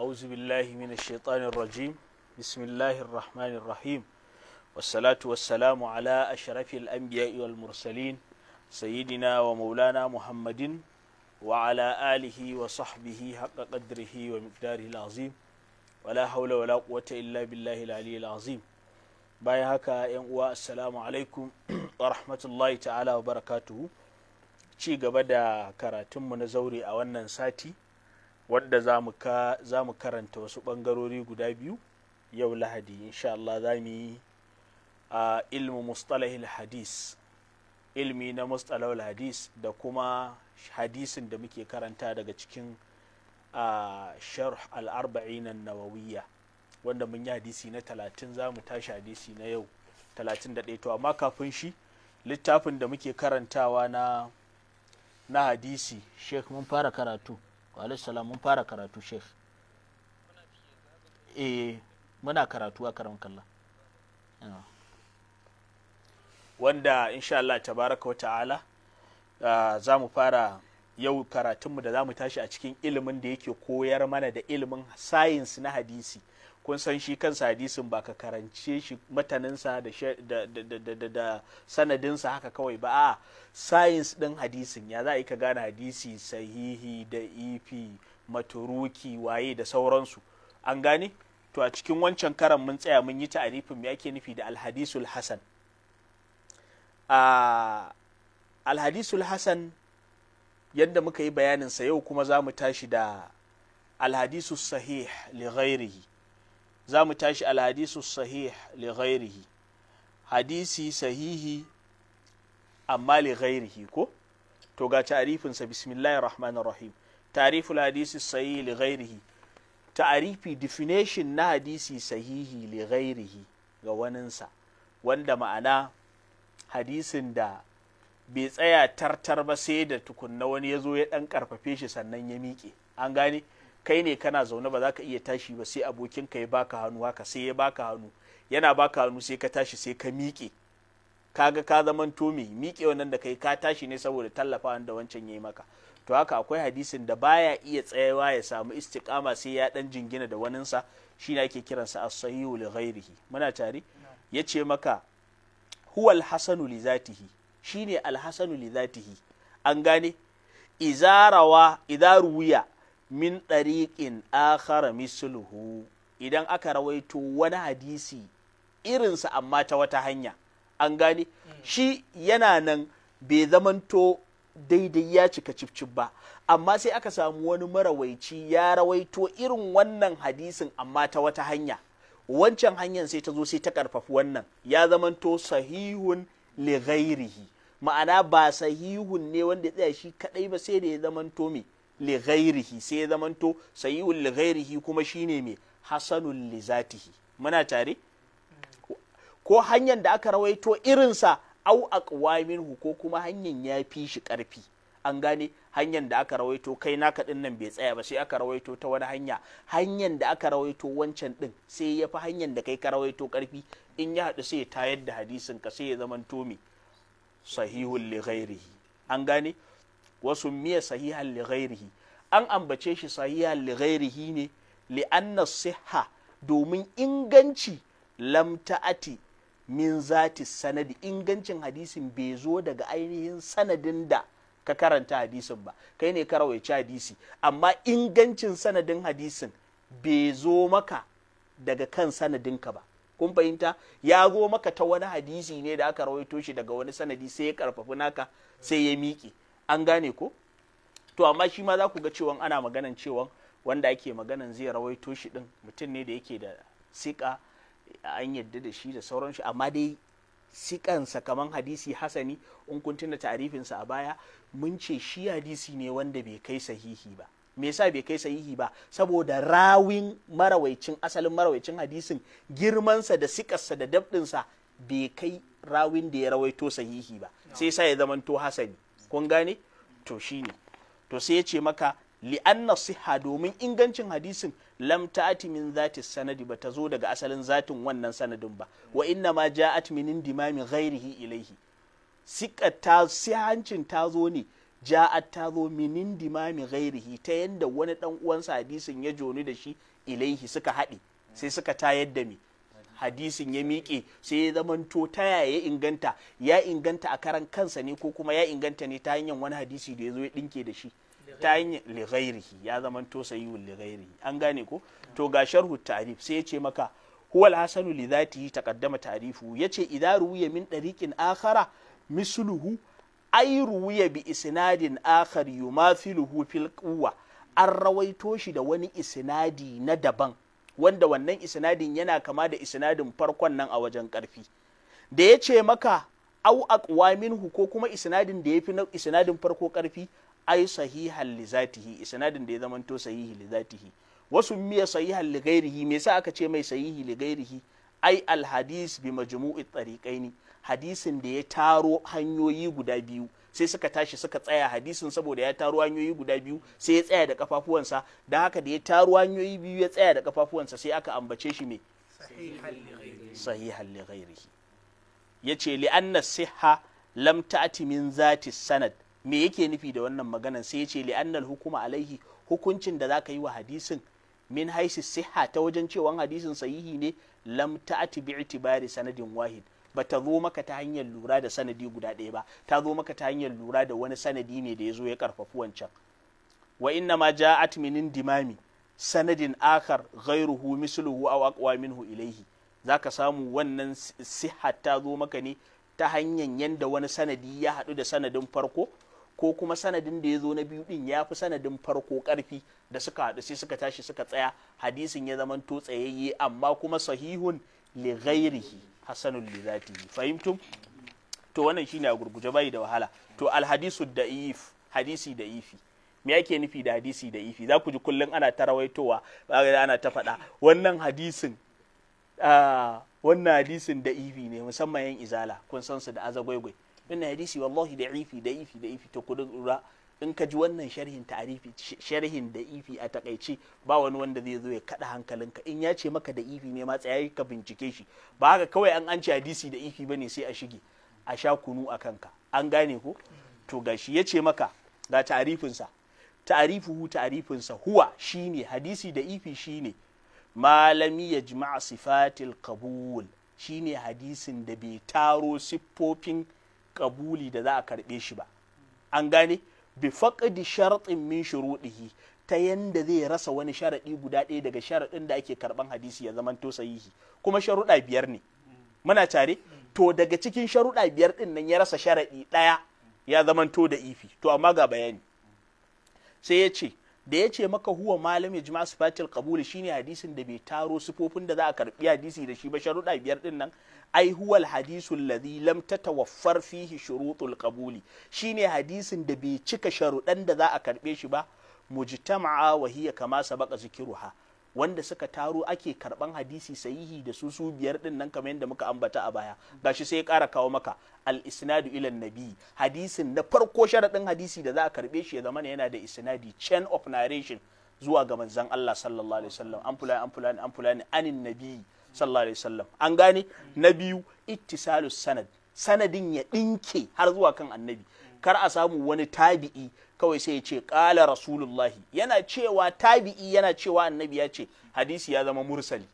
أعوذ بالله من الشيطان الرجيم بسم الله الرحمن الرحيم والصلاة والسلام على أشرف الأنبياء والمرسلين سيدنا ومولانا محمد وعلى آله وصحبه حق قدره ومقداره العظيم ولا حول ولا قوة إلا بالله العلي العظيم باي هكا ينقوى السلام عليكم ورحمة الله تعالى وبركاته ci gaba da karatunmu na zaure a wannan sati wadda za mu karanta wasu bangarori guda biyu yau lahadi insha Allah za mu yi a ilmin mustalahil hadis ilmi na mustalahil hadis da kuma hadisin da muke karanta daga cikin a sharh al-arba'in nawawiyya wanda mun yi hadisi na talatin za mu tashi hadisi na yau talatin da to amma kafin shi littafin da muke karantawa na na hadisi sheikh mun fara karatu wa salam mun fara karatu sheikh eh muna karatu a karamin kalla wanda insha Allah tabaraka wa ta'ala ah, za mu fara yau karatunmu da za mu tashi a cikin ilimin da yake koyar mana da ilimin sayins na hadisi kun san shi kansa hadisin ba ka karance shi mataninsa da sanadinsa haka kawai ba a sayins ɗin hadisin ya za a yi ka gane hadisi sahihi da ifi maturuki waye da sauransu an gane to a cikin wancan karan mun tsaya mun yi ta'arifin me ake nufi da alhadisul hasan alhadisul hasan yadda muka yi bayaninsa yau kuma za mu tashi da alhadisul sahih li ghairihi za mu tashi alhadisu sahih li ghairihi hadisi sahihi amma li ghairihi ko to ga ta'rifinsa bismillahir rahmanir rahim ta'riful hadisi sahihi li ghairihi ta'rifi definition na hadisi sahihi li ghairihi ga waninsa wanda ma'ana hadisin da bai tsaya tartar ba sai da tukunna wani ya zo ya dan karfafe shi sannan ya miƙe an gane kai ne kana zaune ba za ka iya tashi ba sai abokin abokinka ya baka hannu haka sai ya baka hannu yana baka hannu sai ka tashi sai ka miƙe kaga ka to me miƙe wannan da kai ka tashi ne saboda tallafa da wancan ya maka to haka akwai hadisin da baya iya tsayawa ya samu istiqama sai ya dan jingina da waninsa shi ne ake kiransa as-sahihu li ghairihi muna tare yace maka huwa al-hasanu li zatihi shine al-hasanu li zatihi an gane izarawa idaruwiya min ɗariƙin akhara misluhu idan aka rawaito wani hadisi irinsa amma ta wata hanya an gane mm. shi yana nan bai zamanto daidai ya cika cifcif ba amma sai aka samu wani marawaici ya rawaito irin wannan hadisin amma ta wata hanya wancan hanyar sai ta zo sai ta ƙarfafi wannan ya zamanto sahihun li ma'ana ba sahihun ne wanda ya tsaya shi kadai ba sai da ya zamanto me li sai ya zamanto sahihun li kuma shine mai hasanul li zatihi muna tare ko hanyar da aka rawaito irin sa au minhu ko kuma hanyar ya fi shi karfi an gane hanyar da aka rawaito kai naka din nan bai tsaya ba sai aka rawaito ta wani hanya hanyar da aka rawaito wancan din sai ya fi hanyar da kai ka rawaito karfi in ya hadu sai ya tayar da hadisin ka sai ya zamanto tomi sahihun li ghairihi an gane wasu miya sahihan li ghairihi an ambace shi sahihan li ghairihi ne li anna siha domin inganci lam ta'ati min zati sanadi ingancin hadisin bai zo daga ainihin sanadin da ka karanta hadisin ba kai ne ka rawaici hadisi amma ingancin sanadin hadisin bai zo maka daga kan sanadinka ba kun fahimta ya zo maka ta wani hadisi ne da aka rawaito shi daga wani sanadi sai ya karfafi naka sai ya miƙe an gane ko to amma shi ma za ku ga cewa ana maganan cewa wanda ake maganan zai rawaito shi din mutum ne da yake da siƙa an yadda da shi da sauran shi amma dai siƙansa kaman hadisi hasani in kun tuna ta'arifinsa a baya mun ce shi hadisi ne wanda bai kai sahihi ba me yasa bai kai sahihi ba saboda rawin marawaicin asalin marawaicin hadisin girmansa da sikarsa da dabdinsa bai kai rawin da ya rawaito sahihi ba sai sa ya zamanto hasani kun gane to shine to sai ya ce maka li'anna siha domin ingancin hadisin lam ta'ati min zati sanadi ba ta zo daga asalin zatin wannan sanadin ba wa inna ma ja'at min indimami ghairihi ilaihi sika ta sihancin ta zo ne ja'at ta zo min indimami ghairihi ta yanda wani dan uwansa hadisin ya joni da shi ilaihi suka haɗe sai suka tayar da mi hadisin ya miƙe sai ya zamanto ta yaya ya inganta ya inganta a karan kansa ne ko kuma ya inganta ne ta hanyar wani hadisi da ya zo ya ɗinke da shi ta hanyar lighairihi ya zamanto sayyul lighairihi an gane ko to ga sharhu ta'rif sai ya ce maka huwa al-hasanu li dhatihi taqaddama ta'rifu yace idza ruwiya min dariqin akhara misluhu ay ruwiya bi isnadin akhar yumathiluhu fil quwwa an rawaito shi da wani isnadi na daban wanda wannan isnadin yana kama da isnadin farkon nan a wajen ƙarfi da ya ce maka au aqwa minhu ko kuma isnadin da yafi na isnadin farko ƙarfi ai sahihan li zatihi isnadin da ya zamanto sahihi li zatihi wasu miya sahihan li ghairihi me yasa aka ce mai sahihi li ghairihi ai al hadis bi majmu'i tariqaini hadisin da ya taro hanyoyi guda biyu sai suka tashi suka tsaya hadisin saboda ya taro hanyoyi guda biyu sai ya tsaya da kafafuwansa da haka da ya taro hanyoyi biyu ya tsaya da kafafuwansa sai aka ambace shi me sahihan li ghairihi yace li anna sihha lam ta'ti min zati sanad me yake nufi da wannan maganan sai yace li anna hukuma alaihi hukuncin da zaka yi wa hadisin min haisi siha ta wajen cewa hadisin sahihi ne lam ta'ti bi sanadin wahid ba ta zo maka ta hanyar lura da sanadi guda ɗaya ba ta zo maka ta hanyar lura da wani sanadi ne da ya zo ya karfafi wancan wa inna ma ja atminin dimami sanadin akhar ghairuhu misluhu aw aqwa minhu ilayhi zaka samu wannan siha ta zo maka ne ta hanyar yanda wani sanadi ya haɗu da sanadin farko ko kuma sanadin da ya zo na biyu din ya fi sanadin farko karfi da suka haɗu sai suka tashi suka tsaya hadisin ya zamanto tsayayye amma kuma sahihun li ghairihi hasanun li zatihi fahimtum to wannan shine a gurguje bai da wahala to alhadisu da'if hadisi da'ifi me yake nufi da hadisi da'ifi za ku ji kullum ana ta rawaitowa ana ta faɗa wannan hadisin wannan hadisin da'ifi ne musamman yan izala kun san su da azagwaigwai wannan hadisi wallahi da'ifi da'ifi da'ifi to ku lura in ka ji wannan sharhin ta'arifi sharhin da ifi a takaice ba wani wanda zai zo ya kada hankalinka in ya ce maka da ifi ne ma tsaya ka bincike shi ba haka kawai an an hadisi da ifi bane sai a shige a sha kunu a kanka an gane ko to gashi ya ce maka ga ta'arifinsa ta'arifin sa huwa shine hadisi da ifi shine malami ya jima'a sifatil qabul shine hadisin da bai taro siffofin kabuli da za a karbe shi ba an gane bi faqdi shartin min shuruɗihi ta yanda zai rasa wani sharaɗi guda ɗaya daga sharaɗin da ake karɓan hadisi ya zamanto sahihi kuma sharuɗa biyar ne muna tare to daga cikin sharuɗa biyar ɗin nan ya rasa sharaɗi ɗaya ya zamanto da ifi to amma ga bayani sai ya ce da ya ce maka huwa malam ya jima sifatil kabuli shine hadisin da bai taro sifofin da za a karɓi hadisi da shi ba sharuɗa biyar din nan ai huwal hadisul ladhi lam tatawaffar fihi shurutul qabuli shine hadisin da bai cika sharuɗan da za a karbe shi ba mujtama'a wa hiya kama sabaqa zikruha wanda suka taro ake karban hadisi sahihi da su su biyar din nan kamar yadda muka ambata a baya gashi sai ya ƙara kawo maka al isnadu ilan nabi hadisin na farko sharadin hadisi da za a karbe shi ya zama yana da isnadi chain of narration zuwa ga manzon Allah sallallahu alaihi wasallam an fulani an fulani an fulani anin nabi sallallahu alaihi wasallam an gane na biyu ittisalu sanad sanadin ya dinke har zuwa kan annabi kar a samu wani tabi'i kawai sai ya ce ƙala rasulullahi yana cewa tabi'i yana cewa annabi ya ce hadisi ya zama mursali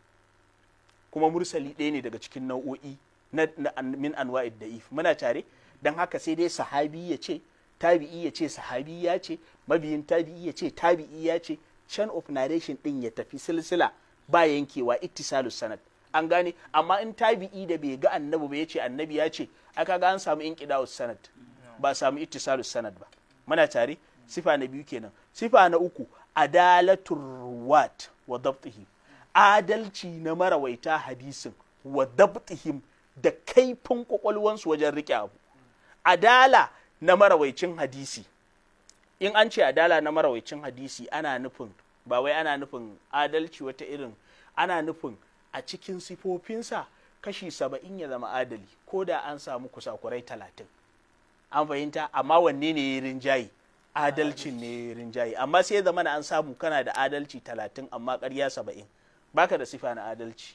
kuma mursali ɗaya ne daga cikin nau'o'i na, min anwa'id da'if muna tare dan haka sai dai sahabi ya ce tabi'i ya ce sahabi ya ce mabiyin tabi'i ya ce tabi'i ya ce chain of narration din ya tafi silsila ba yankewa ittisalu sanad an gane amma in tabi'i da bai ga annabi ba ya ce annabi ya ce aka ga an samu inqida'us sanad ba samu ittisalus sanad ba muna tare sifa na biyu kenan sifa na uku adalatun ruwat wa dabtihi adalci na marawaita hadisin wa dabtihim da kaifin kwakwalwansu wajen rike abu adala na marawaicin hadisi in an ce adala na marawaicin hadisi ana nufin ba wai ana nufin adalci wata irin ana nufin a cikin sifofinsa kashi saba'in ya zama adali ko da an samu kusakurai talatin an fahimta amma wanne ne ya rinjaye adalcin ne ya rinjaye amma sai ya zama na an samu kana da adalci talatin amma karya saba'in baka da sifa na adalci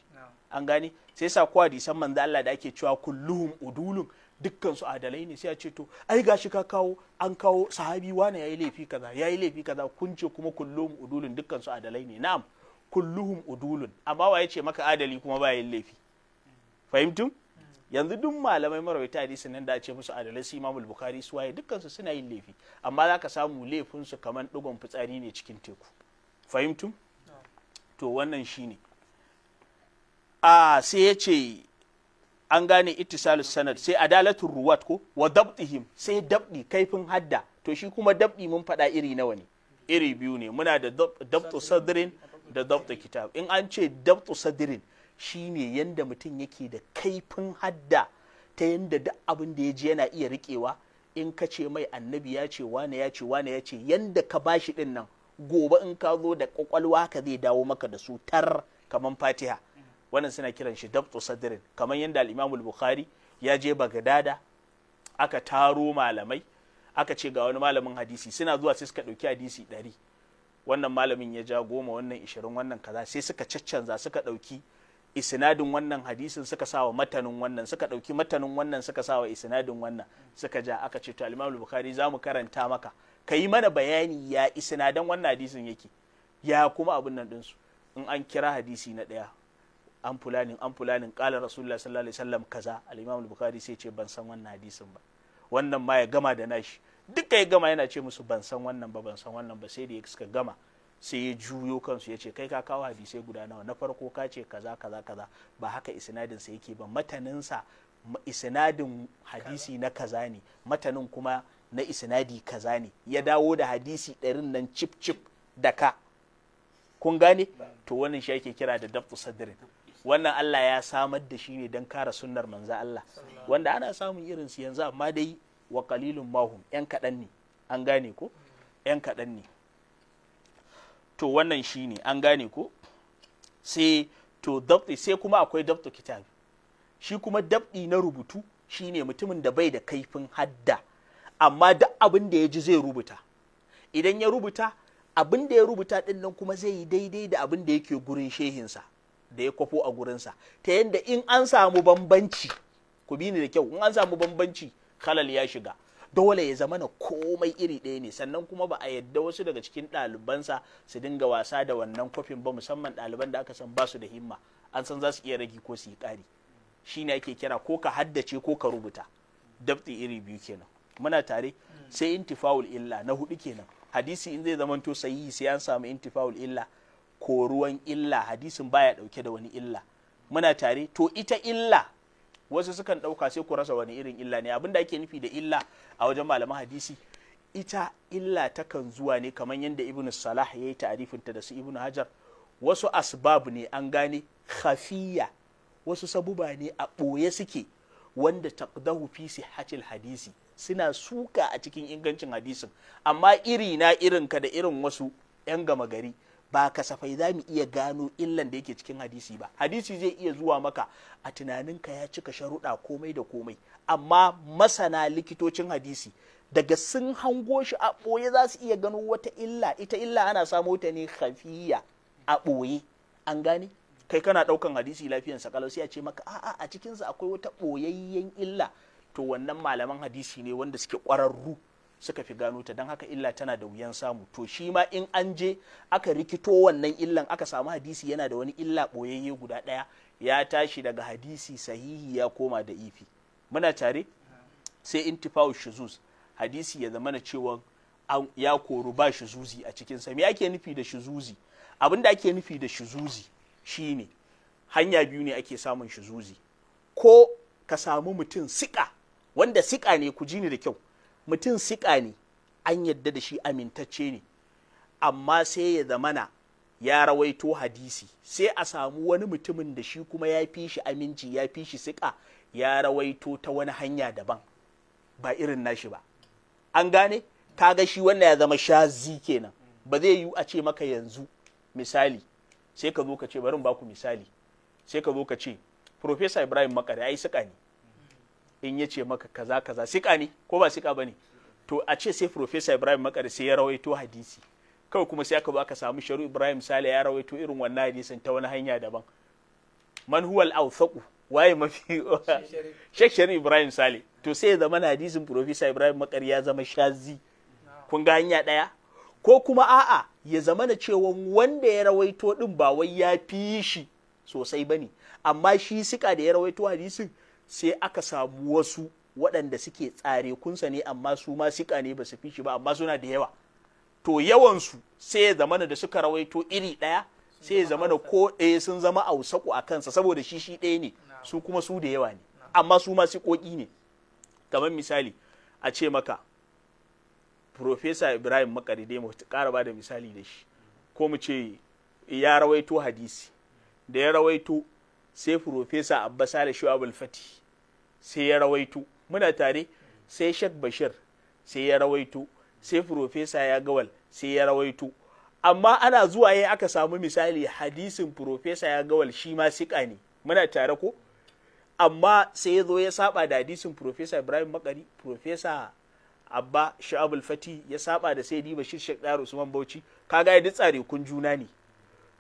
an gane sai sa kowa disan manzo Allah da ake cewa kulluhun udulun dukkan adalai ne sai a ce to ai gashi ka kawo an kawo sahabi wane yayi laifi kaza yayi laifi kaza kun ce kuma kullum udulun dukkan adalai ne na'am kulluhum udulun amma waye ce maka adali kuma ba yin laifi fahimtum yanzu duk malamai marawaita hadisi nan da ce musu adalai su imamul bukhari su waye dukkansu suna yin laifi amma zaka samu laifin su kaman digon fitsari ne cikin teku fahimtum to wannan shine a sai ya an gane ittisalus sanad sai adalatul ruwat ko wa dabdihim sai dabdi kaifin hadda to shi kuma dabdi mun fada iri nawa ne iri biyu ne muna da dabtu sadrin da dabta kitab in an ce dabtu sadirin shine yanda mutum yake da kaifin hadda ta yanda duk abin da ya ji yana iya rikewa in ka ce mai annabi ya ce wane ya ce wane ya ce yanda ka bashi din nan gobe in ka zo da kwakwalwa ka zai dawo maka da su tar kaman fatiha wannan suna kiran shi dabtu sadirin kamar yadda al bukhari ya je Bagadada aka taro malamai aka ce ga wani malamin hadisi suna zuwa sai suka ɗauki hadisi ɗari wannan malamin ya ja goma wannan ishirin wannan kaza sai suka caccanza suka ɗauki isinadin wannan hadisin suka sawa matanin wannan suka ɗauki matanin wannan suka sawa isinadin wannan suka ja aka ce to Alimami bukhari za mu karanta maka ka yi mana bayani ya isinadan wannan hadisin yake ya kuma abin nan ɗinsu in an kira hadisi na ɗaya an fulanin an fulanin ƙala rasulullah sallallahu alaihi wasallam kaza Alimami bukari sai ce ban san wannan hadisin ba wannan ma ya gama da nashi duka ya gama yana ce musu ban san wannan ba ban san wannan ba sai da ya suka gama sai ya juyo kansu ya ce kai ka kawo hadisai guda nawa na farko ka ce kaza kaza kaza ba haka isnadin sa yake ba mataninsa isnadin hadisi na kaza ne matanin kuma na isnadi kaza ne ya dawo da hadisi ɗarin nan cip cip da ka kun gane to wannan shi ake kira da dabtu sadrin wannan Allah ya samar da shi ne don kara sunnar manza Allah wanda ana samun irinsu yanzu amma dai wa kalilun mahum yan kaɗan ne an gane ko yan kaɗan ne to wannan shine an gane ko sai to dabti sai kuma akwai dabtu kitabi shi kuma dabdi na rubutu shine mutumin da bai da kaifin hadda amma duk abin da ya ji zai rubuta idan ya rubuta abin da ya rubuta din nan kuma zai yi daidai da abin da yake gurin shehinsa da ya kwafo a gurinsa ta yadda in an samu bambanci ku bi ni da kyau in an samu bambanci khalal ya shiga dole ya zama na komai iri ɗaya ne sannan kuma ba a yadda wasu daga cikin ɗalibansa su dinga wasa da wannan kofin ba musamman ɗaliban da aka san ba su da himma an san za su iya ragi ko su yi ƙari shi ne ake kira ko ka haddace ko ka rubuta dabti iri biyu kenan muna tare sai intifawul illa na hudu kenan hadisi in zai zamanto sayi sai an samu intifawul illa ko ruwan illa hadisin baya dauke da wani illa muna tare to ita illa wasu sukan ɗauka sai ku rasa wani irin illa ne abinda ake nufi da illa a wajen malaman hadisi ita illa takan zuwa ne kamar yadda ibn salah ya yi ta'arifinta da su ibn hajar wasu asbab ne an gane khafiya wasu sabuba ne a ɓoye suke wanda taqdahu fi sihhatil hadisi suna suka a cikin ingancin hadisin amma iri na ka da irin wasu 'yan gama gari ba kasafai za mu iya gano illan da yake cikin hadisi ba hadisi zai iya zuwa maka a tunaninka ya cika sharuɗa komai da komai amma masana likitocin hadisi daga sun hango shi a ɓoye za su iya gano wata illa ita illa ana samo ta ne hafiya a ɓoye an gane kai kana ɗaukan hadisi lafiyan kalau sai a ce maka a'a a cikinsa akwai wata ɓoyayyen illa to wannan malaman hadisi ne wanda suke ƙwararru suka fi gano ta don haka illa tana da wuyan samu to shi ma in an je aka rikito wannan illan aka samu hadisi yana da wani illa boyayye guda ɗaya ya tashi daga hadisi sahihi ya koma da ifi muna tare sai in intifawu shizuz hadisi ya zama na cewa ya koru ba shizuzi a cikinsa me ake nufi da shuzuzi abin da ake nufi da shuzuzi shine hanya biyu ne ake samun shuzuzi ko ka samu mutum siƙa wanda siƙa ne ku ji ni da kyau mutum siƙa ne an yadda da shi amintacce ne amma sai ya zamana ya rawaito hadisi sai a samu wani mutumin da shi kuma ya fi shi aminci ya fi shi siƙa ya rawaito ta wani hanya daban ba irin nashi ba an gane ga shi wannan ya zama shazi kenan ba zai yiwu a ce maka yanzu misali sai ka zo ka ce bari baku misali sai ka zo ka ce Profesa Ibrahim Makare ai siƙa ne in ya ce maka kaza kaza sika ne ko ba sika ba to a ce sai Profesa Ibrahim Makar ya rawaito hadisi kawai kuma sai aka ba samu Sharu Ibrahim Sale ya rawaito irin wannan hadisin ta wani hanya daban man huwal awthaqu waye mafi Sheikh Sharu Ibrahim Sale to sai ya zama hadisin Profesa Ibrahim Makar ya zama shazi kun ga hanya daya ko kuma a'a ya zama na cewa wanda ya rawaito din ba wai ya fi shi sosai bane amma shi sika da ya rawaito hadisin sai aka samu wasu waɗanda suke tsare kunsa ne amma su ma siƙa ne ba su fi shi ba amma suna da yawa to yawansu sai ya zamana da suka rawaito iri ɗaya sai ya zamana ko ɗaya sun zama a ausaku a kansa saboda shi shi ɗaya ne su kuma su da yawa ne amma su ma siƙoƙi ne kamar misali a ce maka Profesa Ibrahim Makari dai mu ƙara ba da misali da shi ko mu ce ya rawaito hadisi da ya rawaito sai Profesa Abba Sale Shu'abul Fatih sai ya rawaito muna tare sai shek bashir sai ya rawaito sai profesa ya gawal sai ya rawaito amma ana zuwa ya aka samu misali hadisin profesa ya gawal shi ma siƙa ne muna tare ko amma sai ya zo ya saba da hadisin profesa ibrahim makari profesa abba sha'abul fati ya saba da sai bashir shek daru usman bauchi kaga duk tsare kun juna ne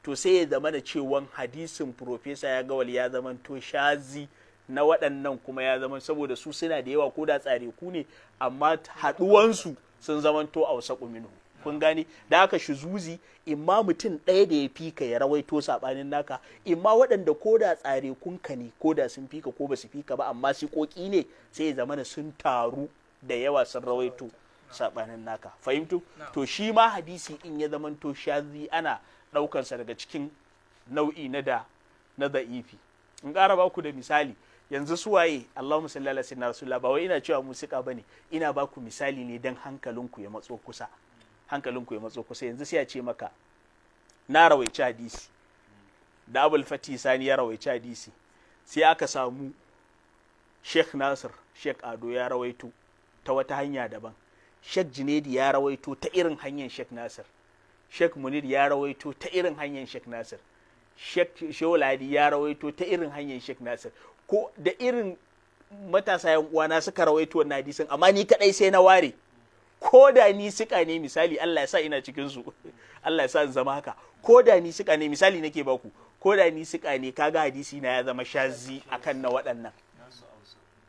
to sai ya zama da cewan hadisin profesa ya gawal ya zama to shazi na waɗannan kuma ya zama saboda su suna da yawa ko da tsare ku ne amma haɗuwansu sun zamanto a wasa ƙuminu kun gane da aka shi zuzi imma mutum ɗaya da ya fi ka ya rawaito saɓanin naka imma waɗanda ko da tsare ka ne ko da sun fi ka ko ba su fi ka ba amma ƙoƙi ne sai ya zamana sun taru da yawa sun rawaito saɓanin naka fahimtu to shi ma hadisi in ya zamanto shazi ana ɗaukansa daga cikin nau'i na da na in ƙara ba ku da misali yanzu suwaye Allahumma salli ala sayyidina rasulullah ba wai ina cewa musika bane ina ba ku misali ne dan hankalinku ya matso kusa hankalinku ya matso kusa yanzu sai ya ce maka na rawaici hadisi da abul fati sani ya rawaici hadisi sai aka samu sheikh nasir sheikh ado ya rawaito ta wata hanya daban sheikh jinedi ya rawaito ta irin hanyar sheikh nasir sheikh munir ya rawaito ta irin hanyar sheikh nasir sheikh sholadi ya rawaito ta irin hanyar sheikh nasir ko da irin matasa yan uwana suka rawaito wannan hadisin amma ni kadai sai na ware ko da ni suka ne misali Allah ya sa ina cikin su Allah ya sa in zama haka ko da ni suka ne misali nake baku ko da ni suka ne kaga hadisi na ya zama shazi akan na waɗannan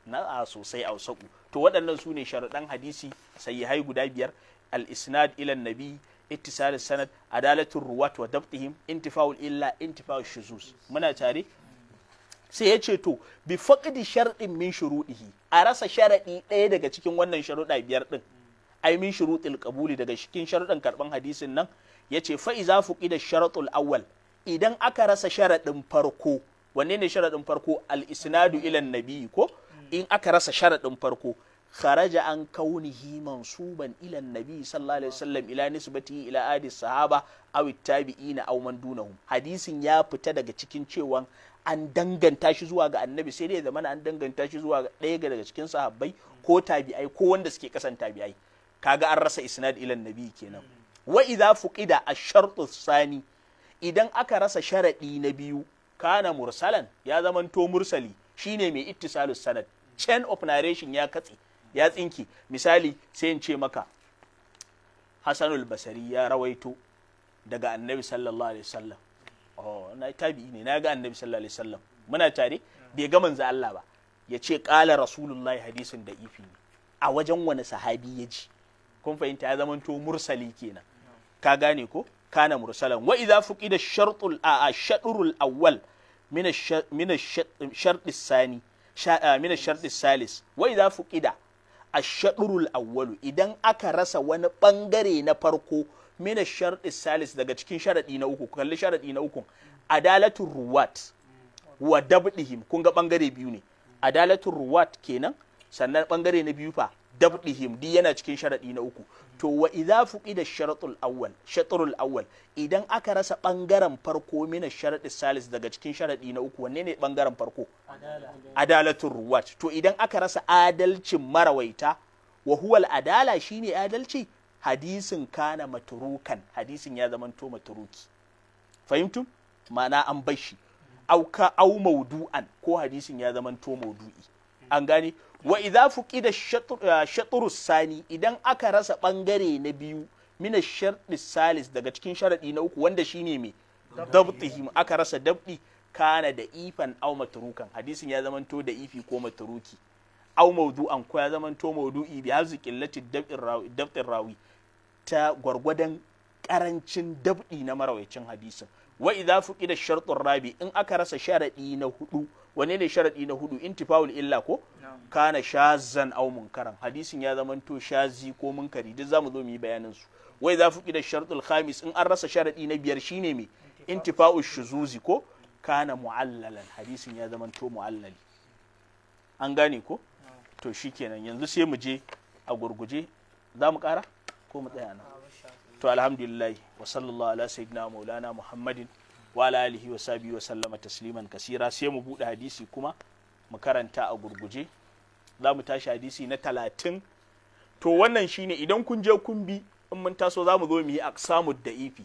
na a sosai ausaku to waɗannan su ne sharuɗan hadisi sahihai guda biyar al-isnad ila nabi ittisal sanad adalatul ruwat wa dabtihim intifa'ul illa intifa'ul shuzuz muna tare sai ya ce to bi faƙidi sharɗin min shuruɗi a rasa sharaɗi ɗaya daga cikin wannan sharuɗa biyar ɗin ai min shuruɗin qabuli daga cikin sharuɗan karɓan hadisin nan ya ce fa iza da sharaɗul awwal idan aka rasa sharaɗin farko wanne ne sharaɗin farko al isnadu na nabi ko in aka rasa sharaɗin farko kharaja an kaunihi mansuban ila nabi sallallahu alaihi wasallam ila nisbati ila adi sahaba aw tabi'ina aw man dunahum hadisin ya fita daga cikin cewa. an danganta shi zuwa ga annabi sai dai ya zamana an danganta shi zuwa ɗaya daga cikin sahabbai ko tabi'ai ko wanda suke kasan tabi'ai kaga an rasa isnad ilan nabi kenan wa idza fuqida ash-shartu sani idan aka rasa sharadi na biyu kana mursalan ya zamanto mursali shine mai ittisalus sanad chain of narration ya katse ya tsinki misali sai in ce maka hasanul basari ya rawaito daga annabi sallallahu alaihi wasallam oh na tabi'i ne na ga annabi sallallahu alaihi wasallam muna tare bai ga manzo Allah ba ya ce ƙala rasulullahi hadisin da ifi a wajen wani sahabi ya ji kun fahimta ya zamanto mursali kenan ka gane ko kana mursalan wa idza fuqida shartul a shadrul awwal min min shartis sani min shartis salis wa idza fuqida awwal idan aka rasa wani bangare na farko mina sharɗi salis daga cikin sharaɗi na uku kalli sharaɗi na uku adalatul ruwat wa dabdihim kun ga bangare biyu ne adalatun ruwat kenan sannan ɓangare na biyu fa dabdihim di yana cikin sharaɗi na uku to wa idza fuqida sharatul awwal shatrul awwal idan aka rasa ɓangaren farko mina sharadi salis daga cikin sharaɗi na uku wanne ne bangaren farko adalatul ruwat to idan aka rasa adalcin marawaita wa huwal adala shine adalci hadisin kana maturukan hadisin ya zamanto maturuki fahimtu ma'ana an bashi auka au maudu'an ko hadisin ya zamanto maudu'i an gane wa idza fuqida ah, shatru sani idan aka rasa bangare na biyu mina shartu salis daga cikin sharadi na uku wanda shine me dabtihi aka rasa dabdi kana da ifan au maturukan hadisin ya zamanto da ifi ko maturuki au maudu'an ko ya zamanto maudu'i bi hazu qillati dabtir rawi ta gwargwadon karancin dab'i na marawaicin hadisin wa idza fuqida shartun rabi in aka rasa sharadi na hudu wane ne sharadi na hudu intifaul illa ko kana shazan aw munkaran hadisin ya zamanto shazi ko munkari duk zamu zo mu yi bayanin su wa idza fuqida shartul khamis in an rasa sharadi na biyar shine me intifaul shuzuzi ko kana mu'allalan hadisin ya zamanto mu'allali an gane ko to shikenan yanzu sai mu je a gurguje zamu mu kara ko mu tsaya nan to alhamdulillah wa sallallahu ala sayyidina maulana muhammadin wa ala alihi wa sahbihi wa sallama tasliman kasira sai mu bude hadisi kuma mu karanta a gurguje za mu tashi hadisi na talatin to wannan shine idan kun je kun bi in mun taso za mu zo mu yi aqsamud da'ifi ifi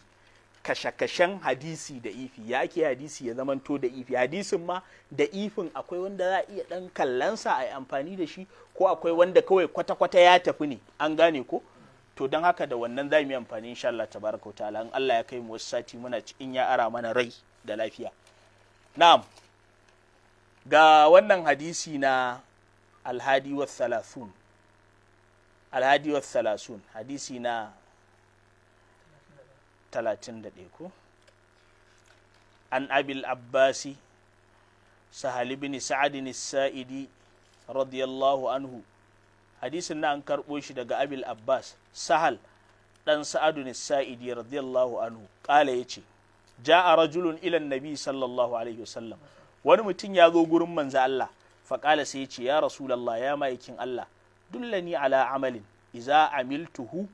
kashe-kashen hadisi da ifi ya ke hadisi ya zamanto da ifi hadisin ma da ifin akwai wanda za a iya dan kallansa a yi amfani da shi ko akwai wanda kawai kwata-kwata ya tafi ne an gane ko to don haka da wannan za mu yi amfani insha Allah tabaraka ta'ala in Allah ya kai mu wasu sati muna in ya ara mana rai da lafiya na'am ga wannan hadisi na alhadi wa salasun alhadi wa salasun hadisi na 31 ko an abil abbasi sahal ibn sa'ad as-sa'idi radiyallahu anhu hadisin na an karɓo shi daga abil abbas sahal ɗan sa'adu sa'idi radiyallahu anhu ƙala ya ce ja'a rajulun ilan nabi sallallahu alaihi wasallam wani mutum ya zo gurin manza Allah faƙala sai ya ce ya rasulallah ya ma'aikin Allah dullani ala amalin iza amiltuhu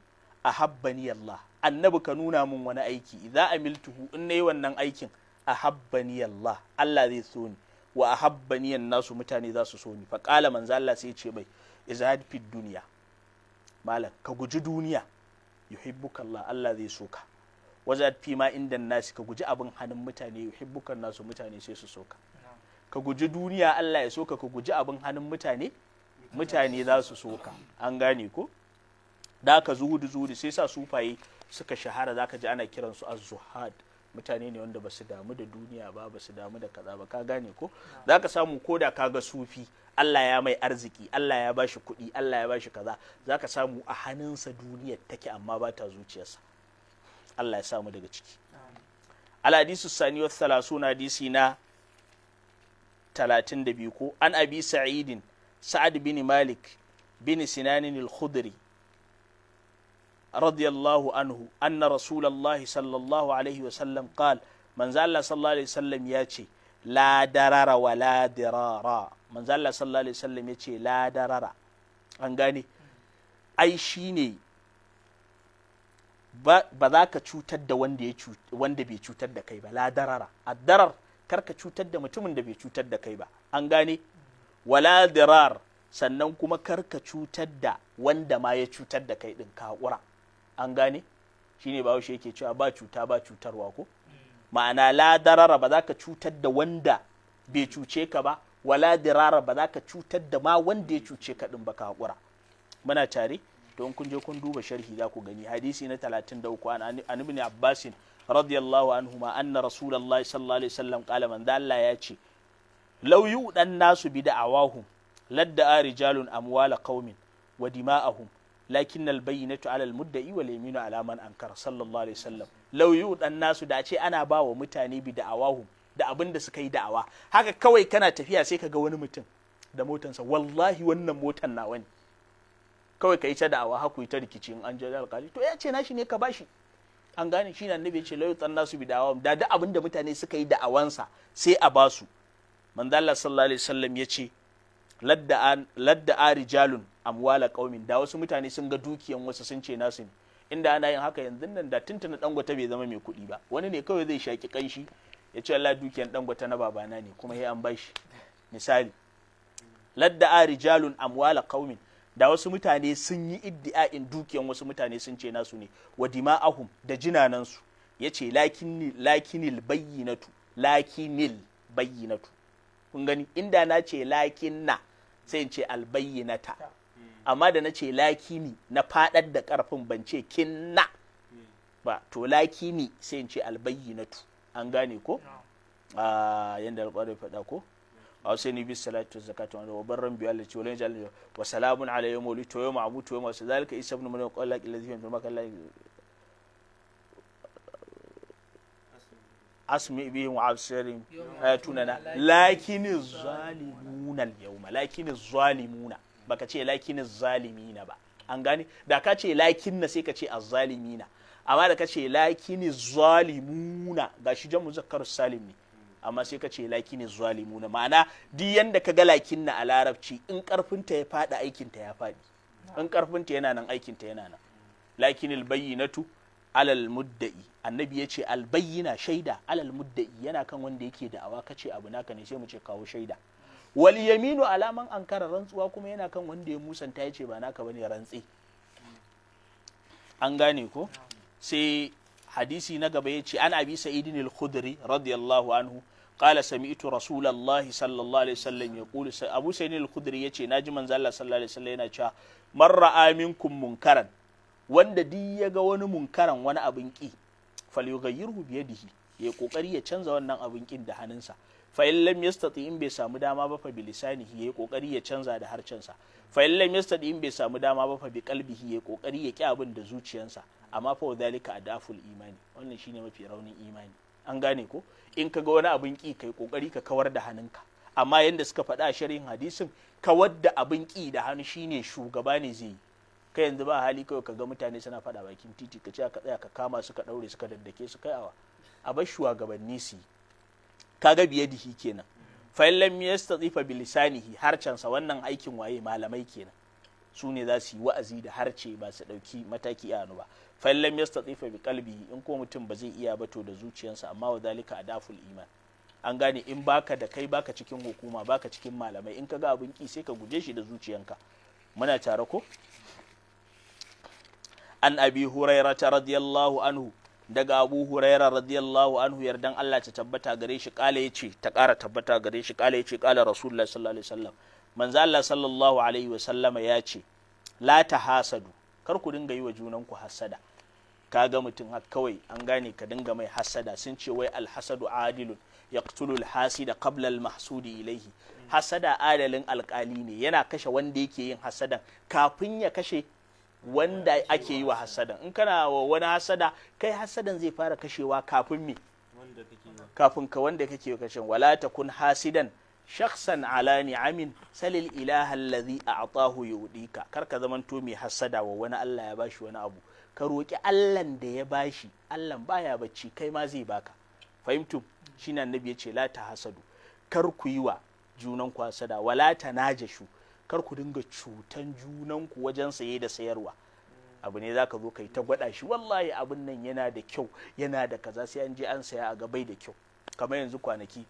ahabbani Allah annabi ka nuna min wani aiki idza amiltuhu in nayi wannan aikin ahabbani Allah Allah zai so ni wa ahabbani nasu mutane za su so ni fa qala manzo Allah sai ce bai izad fi duniya malam ka guji duniya yuhibbuka Allah Allah zai soka wazad fi ma inda nasi ka guji abin hannun mutane yuhibbuka nasu mutane sai su soka ka guji duniya Allah ya soka ka guji abin hannun mutane mutane za su soka an gane ko da ka zuhudu zuhudu sai sa sufaye suka shahara zaka ji ana kiransu az-zuhad mutane ne wanda ba su damu da duniya ba ba su damu da kaza ba ka gane ko za ka samu ko da ka ga sufi Allah ya mai arziki Allah ya bashi kuɗi Allah ya bashi kaza za ka samu a hannunsa duniyar take amma ba ta zuciyarsa Allah ya samu daga ciki al hadisu sani wa na hadisi na 32 ko an abi sa'idin sa'ad bin malik bin sinanin al-khudri رضي الله عنه أن رسول الله صلى الله عليه وسلم قال من زال صلى الله عليه وسلم ياتي لا درر ولا درارا من زال صلى الله عليه وسلم ياتي لا درر أنغاني أي شيني ba za ka cutar da wanda bai cutar da kai ba la darara addarar kar ka cutar da mutumin da bai cutar da kai ba an gane wala dirar sannan kuma kar ka cutar da wanda ma ya cutar da kai din ka haƙura an gane shi shine bahaushe yake cewa ba cuta ba cutarwa ko ma'ana la darara ba za ka cutar da wanda bai cuce ka ba wala dirara ba za ka cutar da ma wanda ya cuce ka ba ka hakura muna tare don kun je kun duba sharhi za ku gani hadisi na talatin 33 an ibn abbasin radiyallahu anhu ma anna rasulullah sallallahu alaihi wasallam qala man dalla ya ce lauyu dan nasu bida'awahum ladda rijalun amwala qaumin wa dima'ahum lakin albayyinatu alal mudda'i wal yaminu ala man ankara sallallahu alaihi wasallam law yudan nasu da ce ana ba wa mutane bi da'awahum da abin da suka yi da'awa haka kawai kana tafiya sai ka ga wani mutum da motansa wallahi wannan motan na wani kawai ka yi ta da'awa haku yi ta rikici in an jada alƙali to ya ce nashi ne ka bashi an gane shi na annabi ce layu tsanna su bi da'awa da duk abin da mutane suka yi da'awansa sai a basu manzo Allah sallallahu alaihi wasallam ya ce ladda a rijalun amwala kaumin da wasu mutane sun ga dukiyan wasu sun ce nasu ne inda ana yin haka yanzu nan da tuntuna dangwata bai zama mai kuɗi ba wani ne kawai zai shaki kanshi ya ce Allah dukiyan dangwata na babana ne kuma sai an bashi misali ladda a rijalun amwala kaumin da wasu mutane sun yi iddi'a'in dukiyan wasu mutane sun ce nasu ne wa dima'ahum da jinanansu ya ce lakinil bayyinatu lakinil bayyinatu kun gani inda na ce lakin na sai in ce albayyinata hmm. amma da na ce lakini na fadar da karfin ban ce kin na hmm. ba to lakini sai in ce albayyinatu an gane ko a ah, yanda alƙwarai faɗa ko a wasu ni bi salatu zakatu wa barran biyu Allah ce wala jalla wa salamun alayhi wa to yawma abu to yawma sadalika isa ibn maryam qala ilahi fi makalla asmi bihim wa absirin eh, tunana lakini zalimuna yauma yawma lakini zalimuna baka ce lakini zalimina ba an gane da ka ce lakin na sai ka ce azzalimina amma da ka ce lakini zalimuna gashi jan muzakkar salim ne amma sai ka ce lakini zalimuna ma'ana duk yanda ka ga lakin na a larabci in karfinta ya fada ta ya fadi in karfinta yana nan aikin ta yana nan lakinil bayyinatu alal mudda'i annabi ya ce albayyina shaida alal mudda'i yana kan wanda yake da'awa kace abu naka ne sai mu ce kawo shaida wal yaminu alaman ankara rantsuwa kuma yana kan wanda ya musanta ya ce ba naka bane rantsi an gane ko sai hadisi na gaba ya ce an abi sa'idin al-khudri radiyallahu anhu qala sami'tu rasulullahi sallallahu alaihi wasallam yaqulu abu sa'idin al-khudri yace na ji Allah sallallahu alaihi wasallam yana cewa man ra'a munkaran wanda duk ya ga wani munkaran wani abin ki falyughayyirhu bi yadihi ya kokari ya canza wannan abin kin da hannunsa fa in lam yastati in bai samu dama ba fa bi lisanihi ya kokari ya canza da harcensa fa in lam yastati in bai samu dama ba fa bi qalbihi ya kokari ya ki abin da zuciyarsa amma fa wadhalika adaful imani wannan shine mafi raunin imani an gane ko in ka ga wani abin ƙi kai kokari ka kawar da hannunka amma yanda suka faɗa a hadisin kawar da abin ƙi da hannu shine shugaba ne zai yi kai yanzu ba hali kawai ga mutane suna fada bakin titi ka ce ka tsaya ka kama su ka ɗaure su ka daddake su kai awa a bar shugabanni su kaga biye dihi kenan fa in lam lisanihi bilisanihi sa wannan aikin waye malamai kenan su ne za su yi wa'azi da harce ba su ɗauki mataki a ba fa in lam bi qalbi in ko mutum ba zai iya ba to da zuciyarsa amma wa zalika adaful iman an gane in baka da kai baka cikin hukuma baka cikin malamai in ka ga abin ki sai ka guje shi da zuciyanka muna tare ko an abi hurairata radiyallahu anhu daga abu huraira radiyallahu anhu yardan Allah ta tabbata gare shi kala yace ta kara tabbata gare shi kala yace kala rasulullahi sallallahu alaihi wasallam manzo Allah sallallahu alaihi wasallama ya ce la tahasadu kar ku dinga yi wa junanku hasada kaga mutum haka kawai an gane ka dinga mai hasada sun ce wai alhasadu adilun yaqtulul hasida qabla almahsudi ilaihi hasada adalin alkali ne yana kashe wanda yake yin hasadan kafin ya kashe wanda ake yi wa hasadan in kana wa wani hasada kai hasadan zai fara kashewa kafin me kafin ka wanda kake kashin wala ta kun hasidan shakhsan ala ni'amin salil ilaha allazi a'tahu yudika kar ka zaman to mai hasada wa wani Allah ya bashi wani abu ka roki Allah da ya bashi Allah baya bacci kai ma zai baka fahimtu shine annabi ya ce la ta hasadu kar ku yi wa junan ku hasada wala ta najashu kar ku dinga cutan junanku wajen saye da sayarwa abu ne zaka zo kai ta gwada shi wallahi abin nan yana da kyau yana da kaza sai an je an saya a gabai da kyau kamar yanzu kwanaki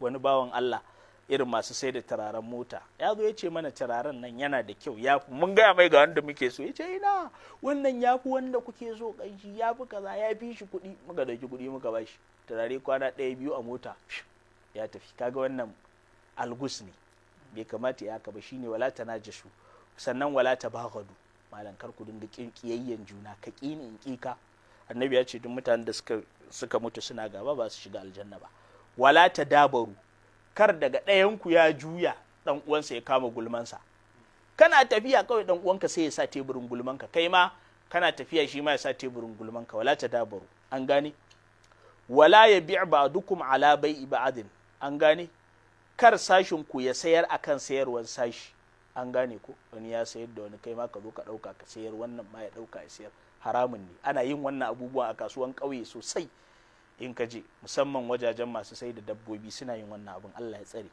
wani bawan Allah irin masu sai da turaren mota ya zo ya ce mana tararen nan yana da kyau ya mun gaya mai ga wanda muke so ya ce ina wannan ya fi wanda kuke so kanshi ya fi kaza ya fi shi kuɗi muka dauki kuɗi muka bashi. Tarare turare kwana ɗaya biyu a mota ya tafi kaga wannan algus ne bai kamata ya kaba ba shine wala najashu sannan wala tabaghadu malan kar ku dinga kiyayyen juna ka kini in kika annabi ya ce duk mutanen da suka suka mutu suna gaba ba su shiga aljanna ba wala ta dabaru kar daga ɗayan ku ya juya dan uwansa ya kama gulman sa. kana tafiya kawai dan uwanka sai ya sa teburin gulman ka. kai ma kana tafiya shi ma ya sa teburin gulman ka. wala dabaru. an gane wala ya bi ba'dukum ala bai'i ba'din an gane kar sashin ku ya sayar akan sayarwar sashi an gane ko wani ya sayar da wani kai ma ka zo ka ɗauka ka sayar wannan ma ya ɗauka ya sayar haramun ne ana yin wannan abubuwa a kasuwan ƙauye sosai in ka je musamman wajajen masu sai da dabbobi suna yin wannan abin Allah ya tsare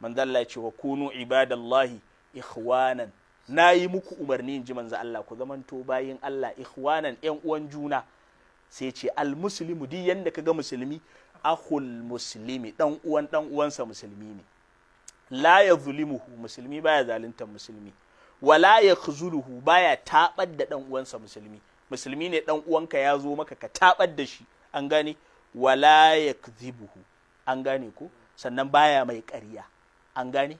manzo Allah ya ce wa kunu ibadallahi ikhwanan na yi muku umarni in ji manzo Allah ku zamanto bayin Allah ikhwanan yan uwan juna sai ce al muslimu di yanda kaga musulmi akhul muslimi dan uwan dan uwansa musulmi ne la zulimuhu musulmi baya zaluntar musulmi wala ya khuzuluhu baya tabar da dan uwansa musulmi musulmi ne dan uwanka ya zo maka ka tabar da shi an gane wala ya yakdhibuhu an gane ko sannan baya mai ƙarya an gane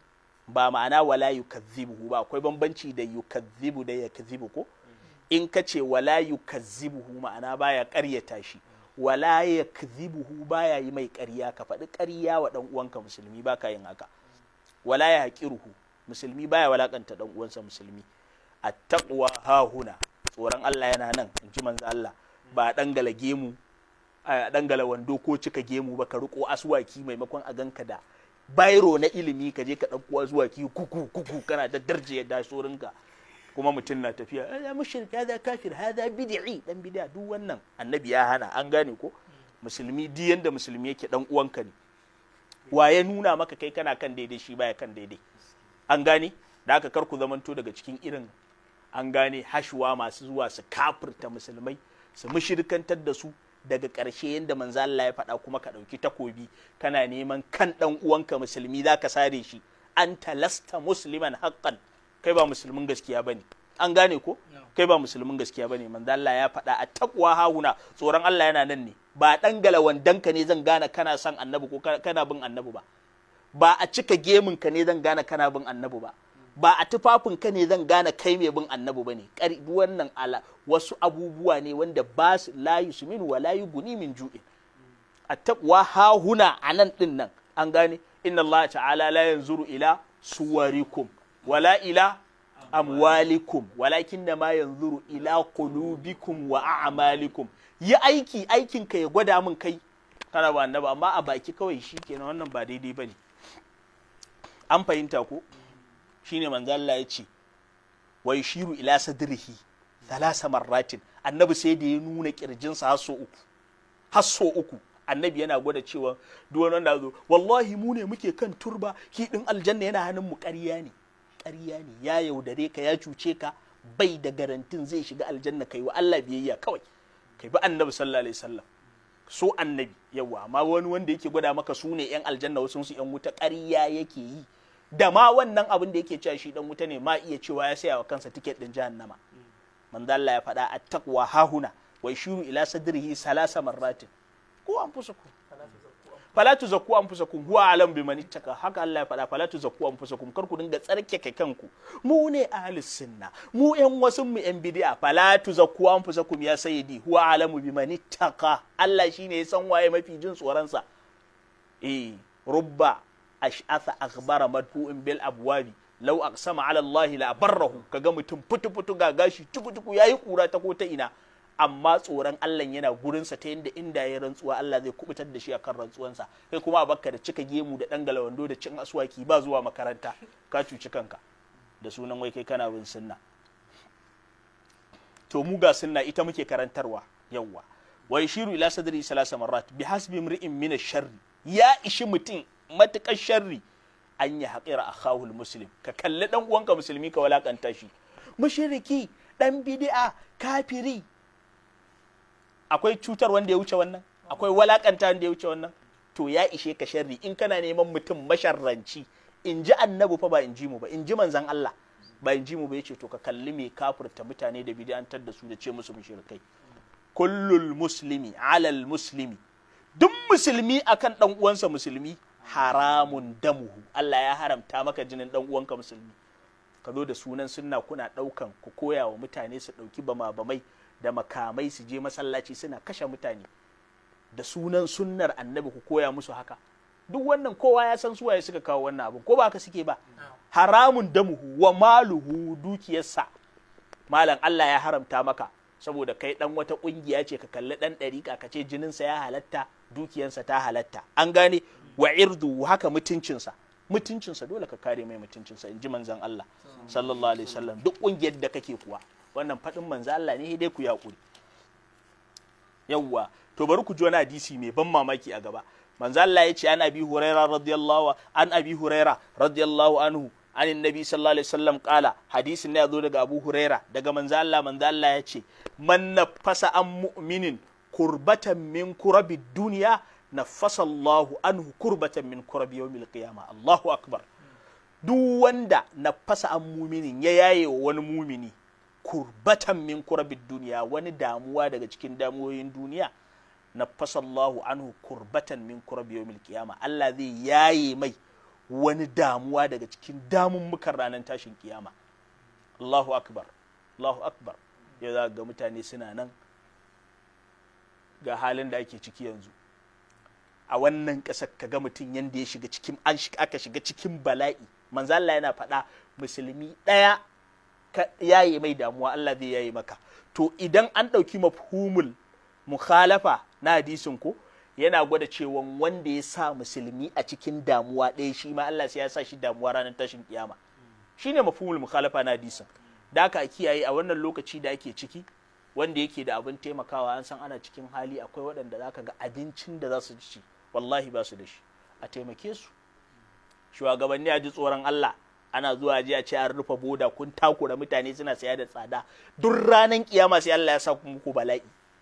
ba ma'ana wala yukazzibuhu ba akwai bambanci da yukazzibu da yakzibu ko in kace ce wala yukazzibuhu ma'ana baya ƙaryata shi wala ya kadhibuhu baya yi mai ƙarya ka faɗi ƙarya wa ɗan uwanka musulmi ba ka yin haka wala ya haƙiruhu musulmi baya walaƙanta ɗan uwansa musulmi a taɓuwa hahuna tsoron Allah yana nan in ji manzo Allah ba dangala gemu a dangala wando ko cika gemu ba ka riko aswaki maimakon a ganka da bairo na ilimi ka je ka ɗauko aswaki kuku kuku kana da darje da sorinka kuma mutum na tafiya ya mushrik hada kafir za bid'i dan bid'a duk wannan annabi ya hana an gane ko musulmi di yanda musulmi yake dan uwanka ne wa ya nuna maka kai kana kan daidai shi baya kan daidai an gane da aka kar ku zamanto daga cikin irin an gane hashuwa masu zuwa su kafirta musulmai su mushirkantar da su daga ƙarshe yadda manzo Allah ya faɗa kuma ka ɗauki takobi kana neman kan ɗan uwanka musulmi za ka sare shi an talasta musliman haqqan kai ba musulmin gaskiya bane an gane ko kai ba musulmin gaskiya bane manzo Allah ya faɗa a takwa hahuna tsoron Allah yana nan ne ba dan galawan danka ne zan gane kana son annabi ko kana bin annabi ba ba a cika gemin ka ne zan gane kana bin annabi ba ba a tufafin ka ne zan gane kai mai bin annabi bane wannan ala wasu abubuwa ne wanda ba su la yusmin wa la yuguni min ju'in A attaqwa hahuna anan din nan an gane inna Allah ta'ala la yanzuru ila suwarikum wala ila amwalikum walakin da ma yanzuru ila qulubikum wa a'malikum yi aiki aikin ka ya gwada min kai kana ba annaba amma a baki kawai shikenan wannan ba daidai bane an fahimta ko shine manzo Allah ya ce wa shiru ila sadrihi thalasa marratin annabi sai da ya nuna kirjinsa sa so uku har uku annabi yana gwada cewa duk wanda zo wallahi mu ne muke kan turba ki din aljanna yana hannun mu ƙarya ne ƙarya ne ya yaudare ka ya cuce ka bai da garantin zai shiga aljanna kai wa Allah biyayya kawai kai bi annabi sallallahu alaihi wasallam so annabi yawa amma wani wanda yake gwada maka su ne yan aljanna wasu su yan wuta ƙarya yake yi da ma wannan abin da yake cewa shi dan wuta ne ma iya cewa ya saya wa kansa tiket din jahannama manzo Allah ya faɗa at-taqwa hahuna wa shuru ila sadrihi salasa marratin ko an fusuku fala tuzakku anfusakum huwa alam taka haka Allah ya faɗa fala tuzakku anfusakum kar ku dinga tsarkake kanku mu ne ahli sunna mu yan wasu mu yan bid'a fala tuzakku anfusakum ya sayyidi huwa alam biman taka Allah shine ya san waye mafi jin tsoron sa eh rubba ash'atha akhbara madfu'in bil abwabi law aqsama ala Allah la barrahu kaga mutum fitu fitu ga gashi tuku tuku yayi kura ta ko ta ina amma tsoron Allah yana gurinsa ta yadda inda ya rantsuwa Allah zai kubutar da shi akan rantsuwansa kai kuma a bakka da cika gemu da dan galawando da cin asuwaki ba zuwa makaranta ka cuci kanka da sunan wai kai kana bin sunna to mu ga sunna ita muke karantarwa yawwa wa yashiru ila sadri salasa marrat bi hasbi imri'in min ash-sharri ya ishi mutum matukar sharri an ya haqira akhahul muslim ka kalli dan uwanka musulmi ka walakanta shi mushriki dan bid'a kafiri akwai cutar wanda ya wuce wannan akwai walakanta wanda ya wuce wannan to ya ishe ka sharri in kana neman mutum masharranci in ji annabu fa ba in ji mu ba in ji manzan Allah ba in ji mu ba yace to ka kalli me kafirta mutane da bid'antar da su da ce musu mushrikai kullul muslimi alal muslimi duk musulmi akan dan uwansa musulmi haramun damuhu Allah ya haramta maka jinin dan uwanka musulmi ka zo da sunan sunna kuna daukan ku koya wa mutane su dauki bama bamai da makamai su je masallaci suna kashe mutane da sunan sunnar annabi ku koya musu haka duk wannan kowa ya san suwaye suka kawo wannan abin ko ba haka suke ba haramun damuhu wa maluhu dukiyarsa malam Allah ya haramta maka saboda kai dan wata kungiya ce ka kalli dan dariƙa ka ce jininsa ya halatta dukiyarsa ta halatta an gane wa irdu haka mutuncinsa mutuncinsa dole ka kare mai mutuncinsa inji manzon Allah sallallahu alaihi wasallam duk kungiyar da kake kuwa wannan faɗin manzo Allah ne dai ku yaƙuri yawwa to bari ku ji wani hadisi mai ban mamaki a gaba manzo Allah ya ce an abi huraira radiyallahu an abi huraira radiyallahu anhu an annabi sallallahu alaihi wasallam hadisin ne ya zo daga abu huraira daga manzo Allah manzo Allah ya ce man nafasa an mu'minin kurbatan min kurabi duniya nafasa Allahu anhu kurbatan min kurabi yawmil qiyama Allahu akbar duk wanda nafasa an mu'minin ya yaye wa wani mumini kurbatan min kurabin duniya wani damuwa daga cikin damuwoyin duniya na fasallahu anhu kurbatan min kurabi yawmil kiyama Allah zai yaye mai wani damuwa daga cikin damummukan ranar tashin kiyama Allahu akbar Allahu akbar ya za ga mutane suna nan ga halin da ake ciki yanzu a wannan ƙasar ka ga mutum yadda ya shiga cikin aka shiga cikin bala'i manzo Allah yana faɗa musulmi ɗaya yayi mai damuwa Allah zai yayi maka to idan an ɗauki mafhumul mukhalafa na hadisin ko yana gwada cewa wanda ya sa musulmi a cikin damuwa ɗaya shi ma Allah sai ya sa shi damuwa ranar tashin kiyama shine mafhumul mukhalafa na hadisin da aka kiyaye a wannan lokaci da ake ciki wanda yake da abin taimakawa an san ana cikin hali akwai waɗanda zaka ga abincin da za su ci wallahi ba su da shi a taimake su shugabanni a ji tsoron Allah ana zuwa ji a ce an rufe boda kun takura mutane suna saya da tsada duk ranar kiyama sai Allah ya sa muku bala'i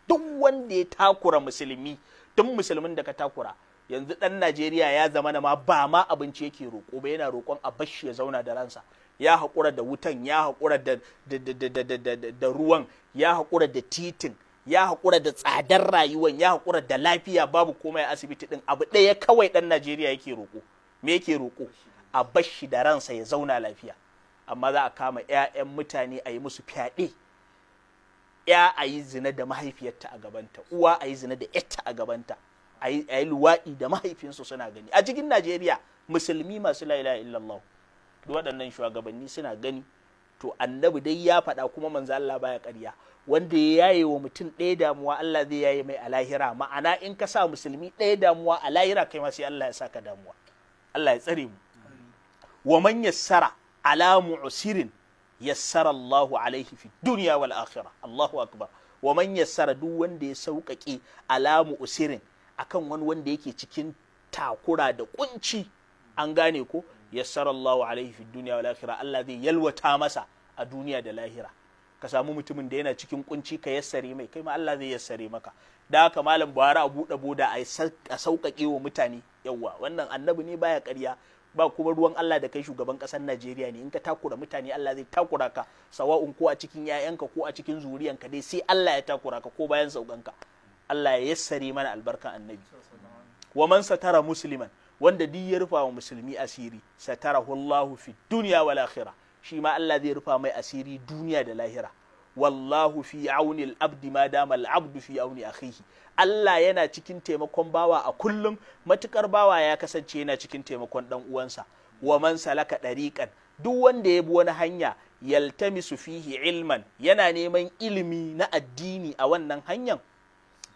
duk wanda ya takura musulmi duk musulmin da ka takura yanzu dan Najeriya ya zama na ma ba ma abinci yake roko ba yana roƙon a bashi ya zauna da ransa ya haƙura da wutan ya haƙura da da ruwan ya haƙura da titin ya haƙura da tsadar rayuwan ya haƙura da lafiya babu komai asibiti din abu ɗaya kawai dan Najeriya yake roƙo me yake roƙo a bashi da ransa ya zauna lafiya amma za a kama 'ya'yan mutane a yi musu fyaɗe ya a yi zina da mahaifiyarta a gabanta uwa a yi zina da yatta a gabanta a yi luwaɗi da mahaifinsu suna gani a cikin najeriya musulmi masu la ilaha illallah waɗannan shugabanni suna gani to annabi dai ya faɗa kuma manzo Allah baya ƙarya wanda ya yaye wa mutum ɗaya damuwa Allah zai yaye mai a lahira ma'ana in ka sa musulmi ɗaya damuwa a lahira kai ma sai Allah ya saka damuwa Allah ya tsare mu wa man yassara ala mu'sirin yassara Allahu alaihi fi dunya wal akhirah Allahu akbar wa man yassara duk wanda ya sauƙaƙe alamu usirin akan wani wanda yake cikin takura da ƙunci an gane ko yassara Allahu alaihi fi dunya wal akhirah Allah zai yalwata masa a duniya da lahira ka samu mutumin da yana cikin ƙunci ka yassare mai kai ma Allah zai yassare maka da haka malam Buhari a buɗe boda a sauƙaƙe wa mutane yawwa wannan annabi ne baya ƙarya ba kuma ruwan Allah da kai shugaban ƙasar Najeriya ne in ka takura mutane Allah zai takura ka sawa'un ko a cikin 'ya'yanka ko a cikin zuriyanka dai sai Allah ya takura ka ko bayan saukanka Allah ya yassare mana albarkan annabi wa man satara musliman wanda duk ya rufa wa musulmi asiri satarahu Allahu fi dunya wal akhirah shi ma Allah zai rufa mai asiri duniya da lahira wallahu fi auni al-abdi ma dama al-abdu fi auni akhihi Allah yana cikin taimakon bawa a kullum matukar bawa ya kasance yana cikin taimakon dan uwansa wa man salaka dariqan duk wanda ya bi wani hanya yaltamisu fihi ilman yana neman ilimi na addini a wannan hanyar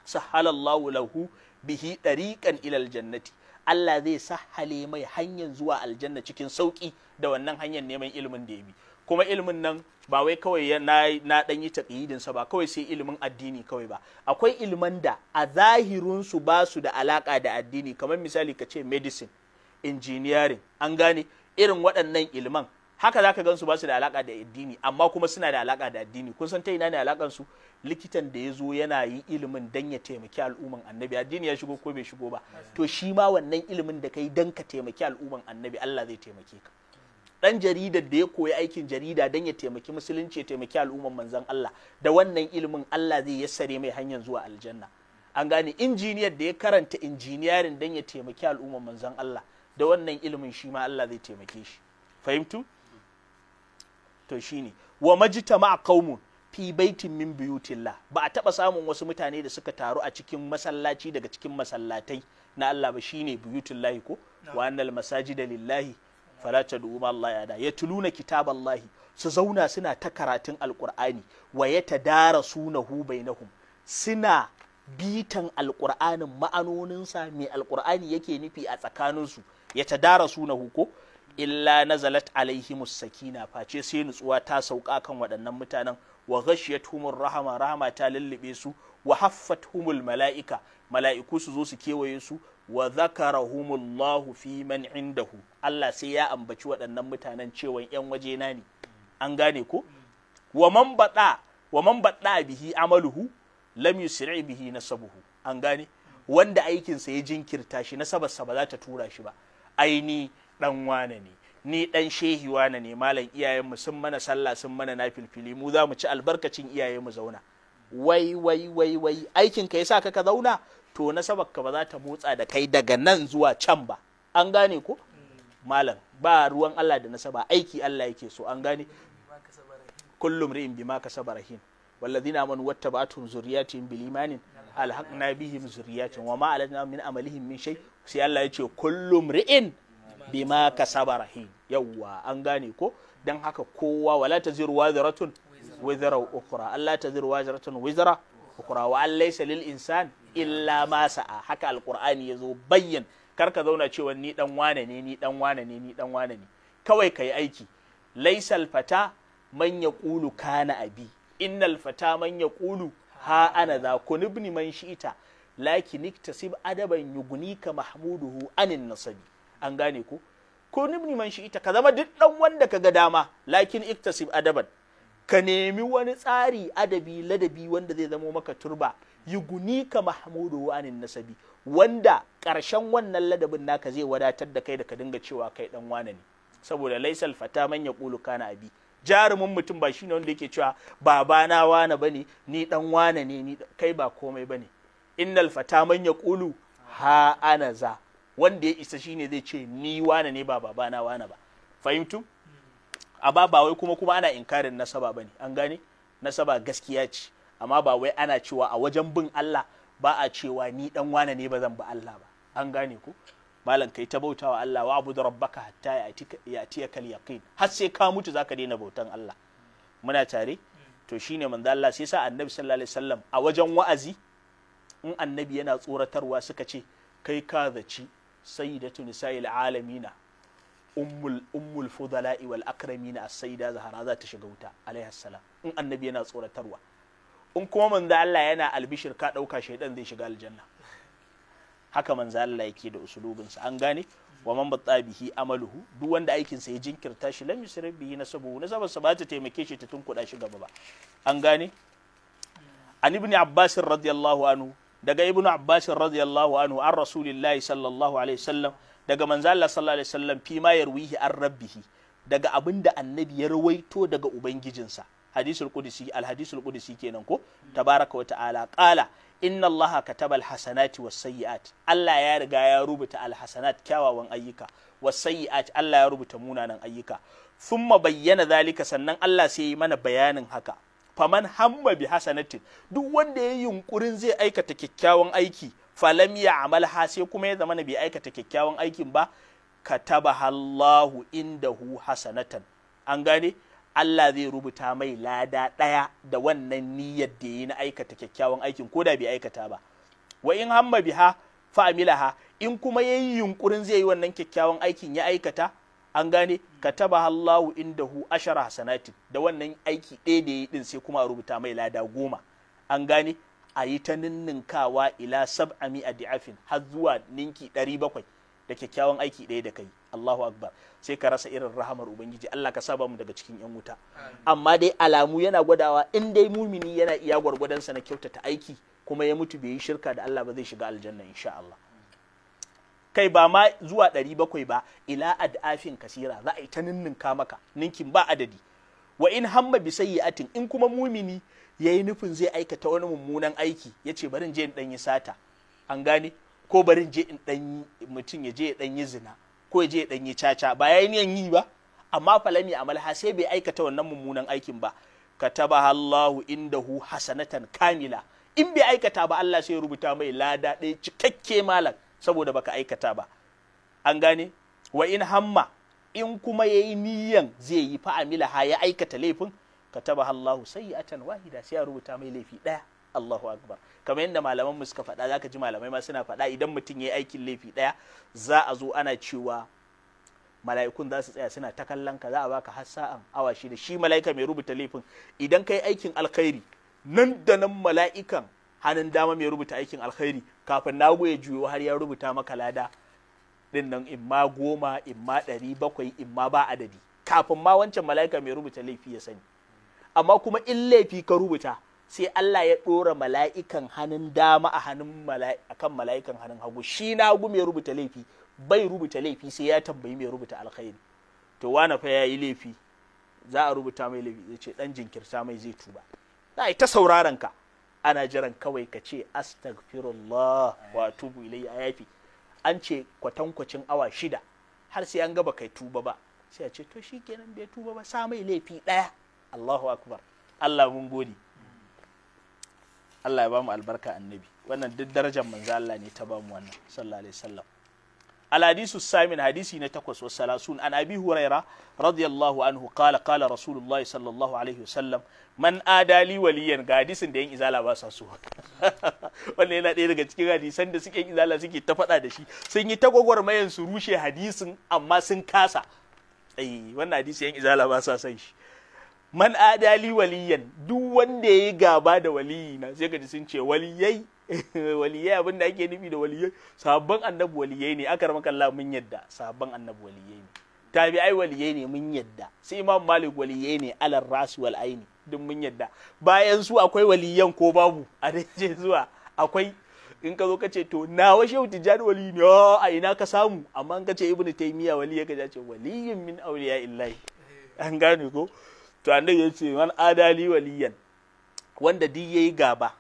sahalallahu lahu bihi dariqan ilal jannati Allah zai sahale mai hanyar zuwa aljanna cikin sauki da wannan hanyar neman ilimin da ya bi kuma ilimin nan ba wai kawai na dan yi taqyidin sa ba kawai sai ilimin addini kawai ba akwai ilman da a zahirin su ba su da alaka da addini kamar misali ka ce medicine engineering an gane irin waɗannan ilman haka zaka gan su ba su da alaka da addini amma kuma suna da alaka da addini kun san ta ina ne alakan su likitan da ya zo yana yi ilimin dan ya taimaki al'umman annabi addini ya shigo ko bai shigo ba to shi ma wannan ilimin da kai dan ka taimaki al'umman annabi Allah zai taimake ka dan jaridar da ya koyi aikin jarida dan ya taimaki musulunci ya taimaki al'umman manzan Allah da wannan ilimin Allah zai yassare mai hanyar zuwa aljanna an gane injiniyar da ya karanta injiniyarin dan ya taimaki al'umman manzon Allah da wannan ilimin shi ma Allah zai taimake shi fahimtu to shine wa majtama'a qaumun fi baitin min buyutillah ba a taba samun wasu mutane da suka taru a cikin masallaci daga cikin masallatai na Allah ba shine buyutillah ko wa annal masajida lillahi falata tad'u ma Allah ya tuluna kitab kitaballahi su zauna suna ta karatun alqur'ani wa ya sunahu bainahum suna bitan alqur'anin ma'anoninsa mai alqur'ani yake nufi a tsakaninsu sunahu ko illa nazalat alaihimus sakina face sai nutsuwa ta sauka kan waɗannan mutanen wa ghashiyatuhumur rahama rahama ta lullube su wa humul mala'ika mala'iku su zo su kewaye su wa zakarahumullahu fi man indahu Allah sai ya ambaci waɗannan mutanen cewa yan waje na ne an gane ko wa man bada wa man bada bihi amaluhu lam yusri bihi nasabuhu an gane wanda aikinsa ya jinkirta shi nasabarsa ba za ta tura shi ba aini dan wane ne ni ɗan shehi wane ne malam mu sun mana sallah sun mana nafilfili mu za mu ci albarkacin mu zauna wai wai wai wai aikin ka yasa ka ka zauna to nasabarka ba za ta motsa da kai daga nan zuwa can ba an gane ko malam ba ruwan Allah da nasaba aiki Allah yake so an gane kullum ri'in bima kasaba rahin والذين امنوا واتبعتهم ذرياتهم بالايمان bihim بهم Wa ma علينا min amalihim min shay sai Allah ya kullum ri'in bima kasaba rahim yawa an gane ko dan haka kowa wala taziru waziratun wizra ukhra Allah taziru waziratun wizra ukhra wa laysa lil insani illa ma sa'a haka alkur'ani ya zo bayyan kar ka zauna cewa ni dan wane ne ni dan wane ne ni dan wane ne kawai kai aiki laisal fata man yaqulu kana abi innal fata man yaqulu ha ana za kunibni man shi'ita lakin iktasib adaban yugnika mahmuduhu anin nasabi an gane ko ko nibni man shi ka zama duk dan wanda ka ga dama lakin iktasib adaban ka nemi wani tsari adabi ladabi wanda zai zamo maka turba yugunika mahmudu anin nasabi wanda ƙarshen wannan ladabin naka zai wadatar da kai da ka dinga cewa kai dan wane ne saboda laisal fata man ya kulu kana abi jarumin mutum ba shine wanda yake cewa babana wane bane ni dan wane ne ni kai ba komai bane innal fata man kulu ha ana za wanda ya isa shine zai ce ni wane ne ba babana wane ba fahimtu hmm. a ba wai kuma kuma ana inkarin nasaba bane an gane nasaba gaskiya ce amma ba wai ana cewa a wajen bin Allah ba a cewa ni dan wane ne ba zan bi Allah ba an gane ku malam kai ta bautawa Allah wa abu da rabbaka hatta ya tiya kal yaqin har sai ka mutu zaka daina bautan Allah muna tare to shine manzo Allah sai sa annabi sallallahu alaihi wasallam a wajen wa'azi in annabi yana tsoratarwa suka ce kai ka zaci sayyidatu nisa'il alamina ummul ummul fudala'i wal akramina as-sayyida zahra za ta shiga wuta alaiha salam in annabi yana tsoratarwa in kuma manzo Allah yana albishir ka ɗauka shaidan zai shiga aljanna haka manzo Allah yake da usulubinsa an gane wa man batta bihi amaluhu duk wanda aikin sa ya jinkirta shi lam yusrif bihi nasabu nasabar sa ba ta taimake shi ta tunkuda shi gaba ba an gane an ibn abbas radiyallahu anhu daga ibn abbas radiyallahu anhu an rasulillahi sallallahu alaihi wasallam daga manzo Allah sallallahu alaihi wasallam fi ma yarwihi an rabbihi daga abinda annabi ya rawaito daga ubangijinsa hadisul qudsi al hadisul qudsi kenan ko tabaraka wa ta'ala qala inna allaha kataba al hasanati was sayyi'at Allah ya riga ya rubuta al hasanat kyawawan ayyuka was sayyi'at Allah ya rubuta munanan ayyuka thumma bayyana zalika sannan Allah sai ya yi mana bayanin haka faman hamma bi hasanatin duk wanda ya yunkurin zai aikata kyakkyawan aiki falam ya amal ha sai kuma ya zama bai aikata kyakkyawan aikin ba katabahallahu indahu hasanatan an gane Allah zai rubuta mai lada ɗaya da wannan niyyar da yi na aikata kyakkyawan aikin ko da bai aikata ba wa in hamma biha fa amilaha in kuma yayi yunkurin zai yi wannan kyakkyawan aikin ya aikata an gane kataba Allahu indahu ashara hasanati da wannan aiki ɗaya da yi din sai kuma a rubuta mai lada goma an gane a yi ta ninninkawa ila sab'ami a di'afin har zuwa ninki ɗari bakwai da kyakkyawan aiki ɗaya da kai Allahu akbar sai ka rasa irin rahamar ubangiji Allah ka saba mu daga cikin yan wuta amma dai alamu yana gwadawa in dai mumini yana iya gwargwadonsa na kyautata aiki kuma ya mutu bai yi shirka da Allah ba zai shiga aljanna insha Allah kai ba ma zuwa ɗari bakwai ba ila ad'afin kasira za a yi ta ninninka maka ninkin ba adadi wa in hamma bi sayyi'atin in kuma mumini yayi nufin zai aikata wani mummunan aiki yace bari je in dan yi sata an gane ko bari je in dan mutum ya je ya dan yi zina ko ya je dan yi caca ba yayin niyan yi ba amma falami amalha sai bai aikata wannan mummunan aikin ba katabaha Allahu indahu hasanatan kamila in bai aikata ba Allah sai ya rubuta mai lada ɗaya cikakke malam saboda baka aikata ba an gane wa in hamma in kuma yayi niyan zai yi fa'amila ha ya aikata laifin katabaha Allahu sayyatan wahida sai ya rubuta mai laifi ɗaya Allahu akbar kamar yadda malaman mu suka faɗa zaka ji malamai ma suna faɗa idan mutum yayi aikin laifi ɗaya za a zo ana cewa mala'ikun za su tsaya suna ta kallon ka za a baka har sa'an awa shida shi mala'ika mai rubuta laifin idan kai aikin alkhairi nan da nan mala'ikan hannun dama mai rubuta aikin alkhairi kafin na ya juyo har ya rubuta maka lada din nan in ma goma in ma ɗari bakwai in ma ba adadi kafin ma wancan mala'ika mai rubuta laifi ya sani amma kuma in laifi ka rubuta sai Allah ya ɗora mala'ikan hannun dama a hannun akan mala'ikan hannun hagu shi na hagu mai rubuta laifi bai rubuta laifi sai ya tambayi mai rubuta alkhairi to wane fa ya yi laifi za a rubuta mai laifi zai ce dan jinkirta mai zai tuba Na a yi ta sauraron ka ana jiran kawai ka ce astaghfirullah wa ilai a yafi an ce kwatankwacin awa shida har sai an gaba kai tuba ba sai a ce to shikenan bai tuba ba sa mai laifi ɗaya. Allahu akbar Allah mun gode Allah ya bamu albarka annabi wannan duk darajar manzo Allah ne ta bamu wannan sallallahu alaihi wasallam al hadisu samin hadisi na takwas wa salasun an abi huraira radiyallahu anhu qala qala rasulullahi sallallahu alaihi wasallam man adali waliyan ga hadisin da yan izala ba sa so wannan yana ɗaya daga cikin hadisan da suke izala suke ta faɗa da shi sun yi ta gwagwarmayan su rushe hadisin amma sun kasa ai wannan hadisi yan izala ba sa son shi man adali waliyan duk wanda ya yi gaba da waliyi na sai gaji sun ce waliyai waliyai abin da ake nufi da waliyai sabon annabi waliyai ne aka ramaka kalla mun yadda sabon annabi waliyai ne ai waliyai ne mun yadda sai imam malik waliyai ne alal rasu wal aini duk mun yadda bayan su akwai waliyan ko babu a dace zuwa akwai in ka zo ka ce to nawa shehu tijjani wali ne oh, a ina ka samu amma in ka ce ibnu taymiya wali ya ka ce waliyin min awliya illahi an gane ko to annabi ya ce man adali waliyan wanda duk yi gaba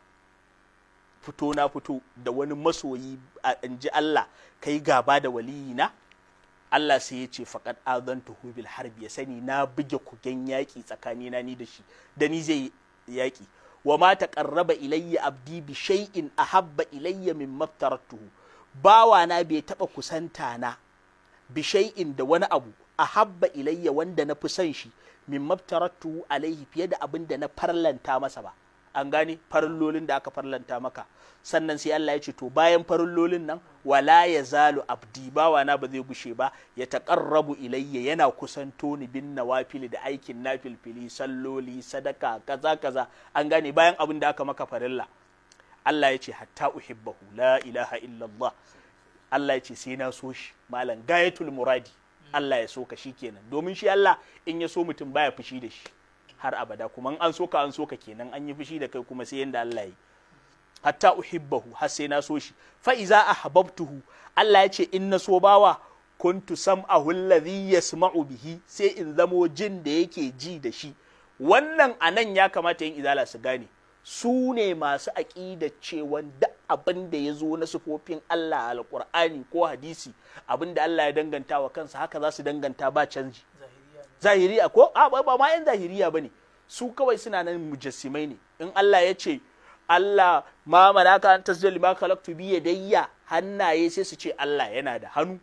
fito na fito da wani masoyi a inji Allah ka yi gaba da waliyina Allah sai ya ce faƙad azantuhu bil harbi ya sani na buge kugen yaƙi tsakanina ni da shi da ni zai yaƙi wa ma ƙarraba ilayya abdi bi shay'in ahabba ilayya mimma aftaratuhu bawa na bai taɓa kusanta na bi shay'in da wani abu ahabba ilayya wanda na fi son shi min mabtaratu alaihi fiye da abin da na farlanta masa ba an gane farlolin da aka farlanta maka sannan sai Allah ya ce to bayan farlolin nan wala ya zalu abdi ba na ba zai gushe ba ya taqarrabu ilayya yana kusanto ni bin nawafil da aikin nafilfili salloli sadaka kaza kaza an gane bayan abin da aka maka farilla Allah ya ce hatta uhibbahu la ilaha illallah Allah ya ce sai na so shi malam gayatul muradi Allah ya so ka shi kenan domin shi Allah in ya so mutum baya fushi da shi har abada kuma an so ka an so ka kenan an yi fushi da kai kuma sai yanda Allah ya yi hatta uhibbahu har sai na so shi fa iza ahbabtuhu Allah ya ce in na so bawa kuntu sam'ahu alladhi yasma'u bihi sai in zamo jin da yake ji da shi wannan anan ya kamata yin izala su gane su ne masu aƙidar cewan duk abin da ya zo na sufofin Allah alƙur'ani ko hadisi abin da Allah ya danganta wa kansa haka za su danganta ba canji zahiriya ko ba ma yan zahiriya ba ne su kawai suna nan mujassimai ne in Allah ya ce Allah ma malaka an tasjil ma khalaqtu bi yadayya hannaye sai su ce Allah yana da hannu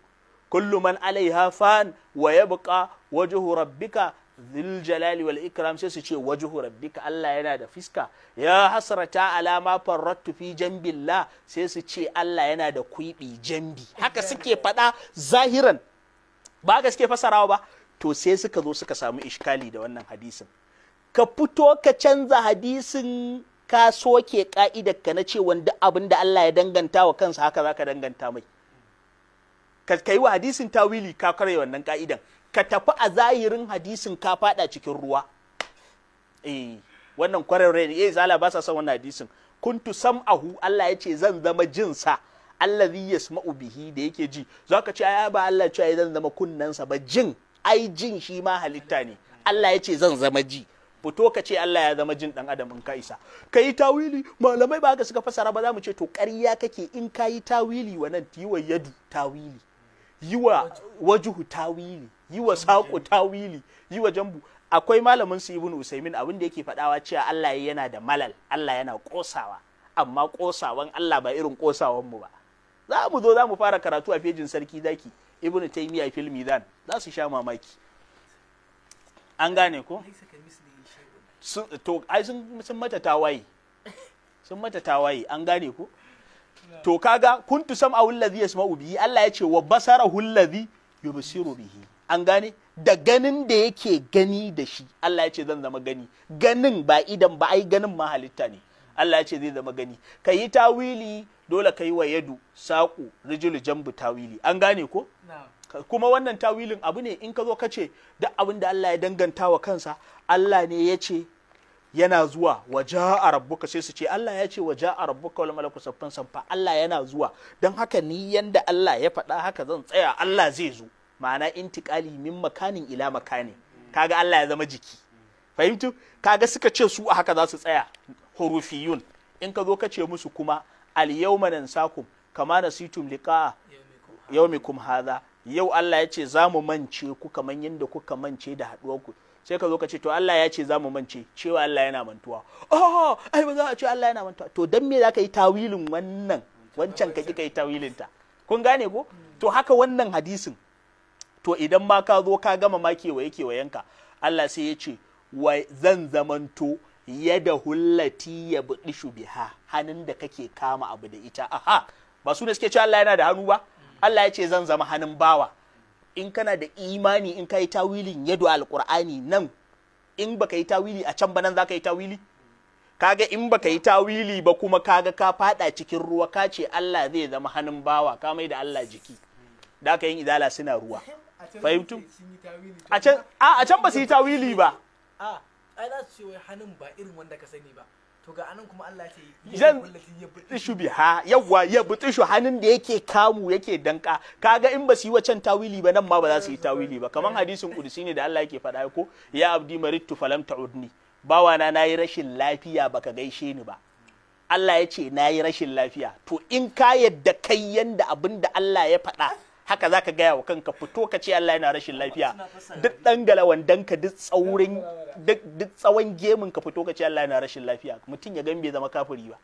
kullu man alaiha fan wa yabqa wajhu rabbika dhil jalali wal ikram sai su ce wajhu rabbika Allah yana da fiska ya hasrata alama farrattu fi jambillah sai su ce Allah yana da kuibi jambi haka suke fada zahiran ba ga suke fasarawa ba to sai suka zo suka samu iskali da wannan hadisin ka fito ka canza hadisin ka soke ka'idar ka na ce wanda abin da Allah ya danganta wa kansa haka zaka danganta mai ka kai wa hadisin tawili ka karya wannan ka'idan ka tafi a zahirin hadisin ka fada cikin ruwa eh wannan kwararre ne eh zala ba sa son wannan hadisin kuntu sam'ahu Allah ya ce zan zama jinsa allazi yasma'u bihi da yake ji zaka ce ya ba Allah ce zan zama kunnansa ba jin ai jin shi ma halitta ne Allah ya ce zan zama ji fito ka ce Allah ya zama jin dan adam ka isa ka yi tawili malamai ba haka suka fasara ba za mu ce to ƙarya kake in ka yi tawili wannan yi wa yadu tawili yi wa wajuhu tawili yi wa saƙo tawili yi wa jambu akwai malamin su ibn usaimin abin da yake faɗawa cewa Allah yana da malal Allah yana kosawa amma kosawan Allah ba irin kosawan mu ba za mu zo za mu fara karatu a fejin sarki zaki Ibn taymiya fil mizan za su sha mamaki an gane ko to ai sun sun mata tawaye sun mata tawaye an gane ko to kaga kuntu sam awul ladhi yasma'u bihi Allah ya ce wa basarahu alladhi yubsiru bihi an gane da ganin da yake gani da shi Allah ya ce zan zama gani ganin ba idan ba ai ganin mahalitta ne Allah ya ce zai zama gani ka yi tawili dole ka yi wa yadu saƙo rijilu jambu tawili an gane ko kuma wannan tawilin abu ne in ka zo ka ce duk abin da Allah ya danganta wa kansa Allah ne ya ce yana zuwa wa ja'a rabbuka sai su ce Allah ya ce wa ja'a rabbuka wal malaku saffan sanfa Allah yana zuwa don haka ni yanda Allah ya faɗa haka zan tsaya Allah zai zo ma'ana intikali min makanin ila makani kaga Allah ya zama jiki fahimtu kaga suka ce su a haka za su tsaya hurufiyun in ka zo ka ce musu kuma al yawma nansakum kama nasitum liqa yawmikum hadha yau Allah ya ce za mu mance ku kaman yadda kuka mance da haduwar ku sai ka zo ka ce to Allah ya ce za mu mance cewa Allah yana mantuwa oh ai ba za a ce Allah yana mantuwa to dan me za ka yi tawilin wannan wancan ka kika yi tawilin ta kun gane ko to haka wannan hadisin to idan ma ka zo ka gama ma kewaye kewayenka Allah sai ya ce zan zamanto yada hullati ya buɗi biha hannun da kake kama abu da ita aha ba su ne suke cewa Allah yana da hannu ba Allah ya ce zan zama hannun bawa in kana da imani in ka yi tawilin yadu alqur'ani nan in baka yi tawili a can ba nan zaka yi tawili kaga in baka yi tawili ba kuma kaga ka fada cikin ruwa kace Allah zai zama hannun bawa ka mai da Allah jiki da ka yin idala suna ruwa fahimtu a can ba su yi tawili ba a ai za su ce wai hannun ba irin wanda ka sani ba to ga anan kuma Allah ce zan tishu biha yawa ya butishu hannun da yake kamu yake danka kaga in ba su yi wacan tawili ba nan ma ba za su yi tawili ba kamar hadisin kudusi ne da Allah yake faɗa ko ya abdi marittu falam ta'udni bawana na yi rashin lafiya baka gaishe ni ba Allah ya ce na yi rashin lafiya to in ka yadda kai yanda abin da Allah ya faɗa haka zaka gaya wa kanka fito ka ce Allah yana rashin lafiya duk dan galawan ka duk tsaurin duk tsawon gemin ka fito ka ce Allah yana rashin lafiya mutum ya gan bai zama kafiri ba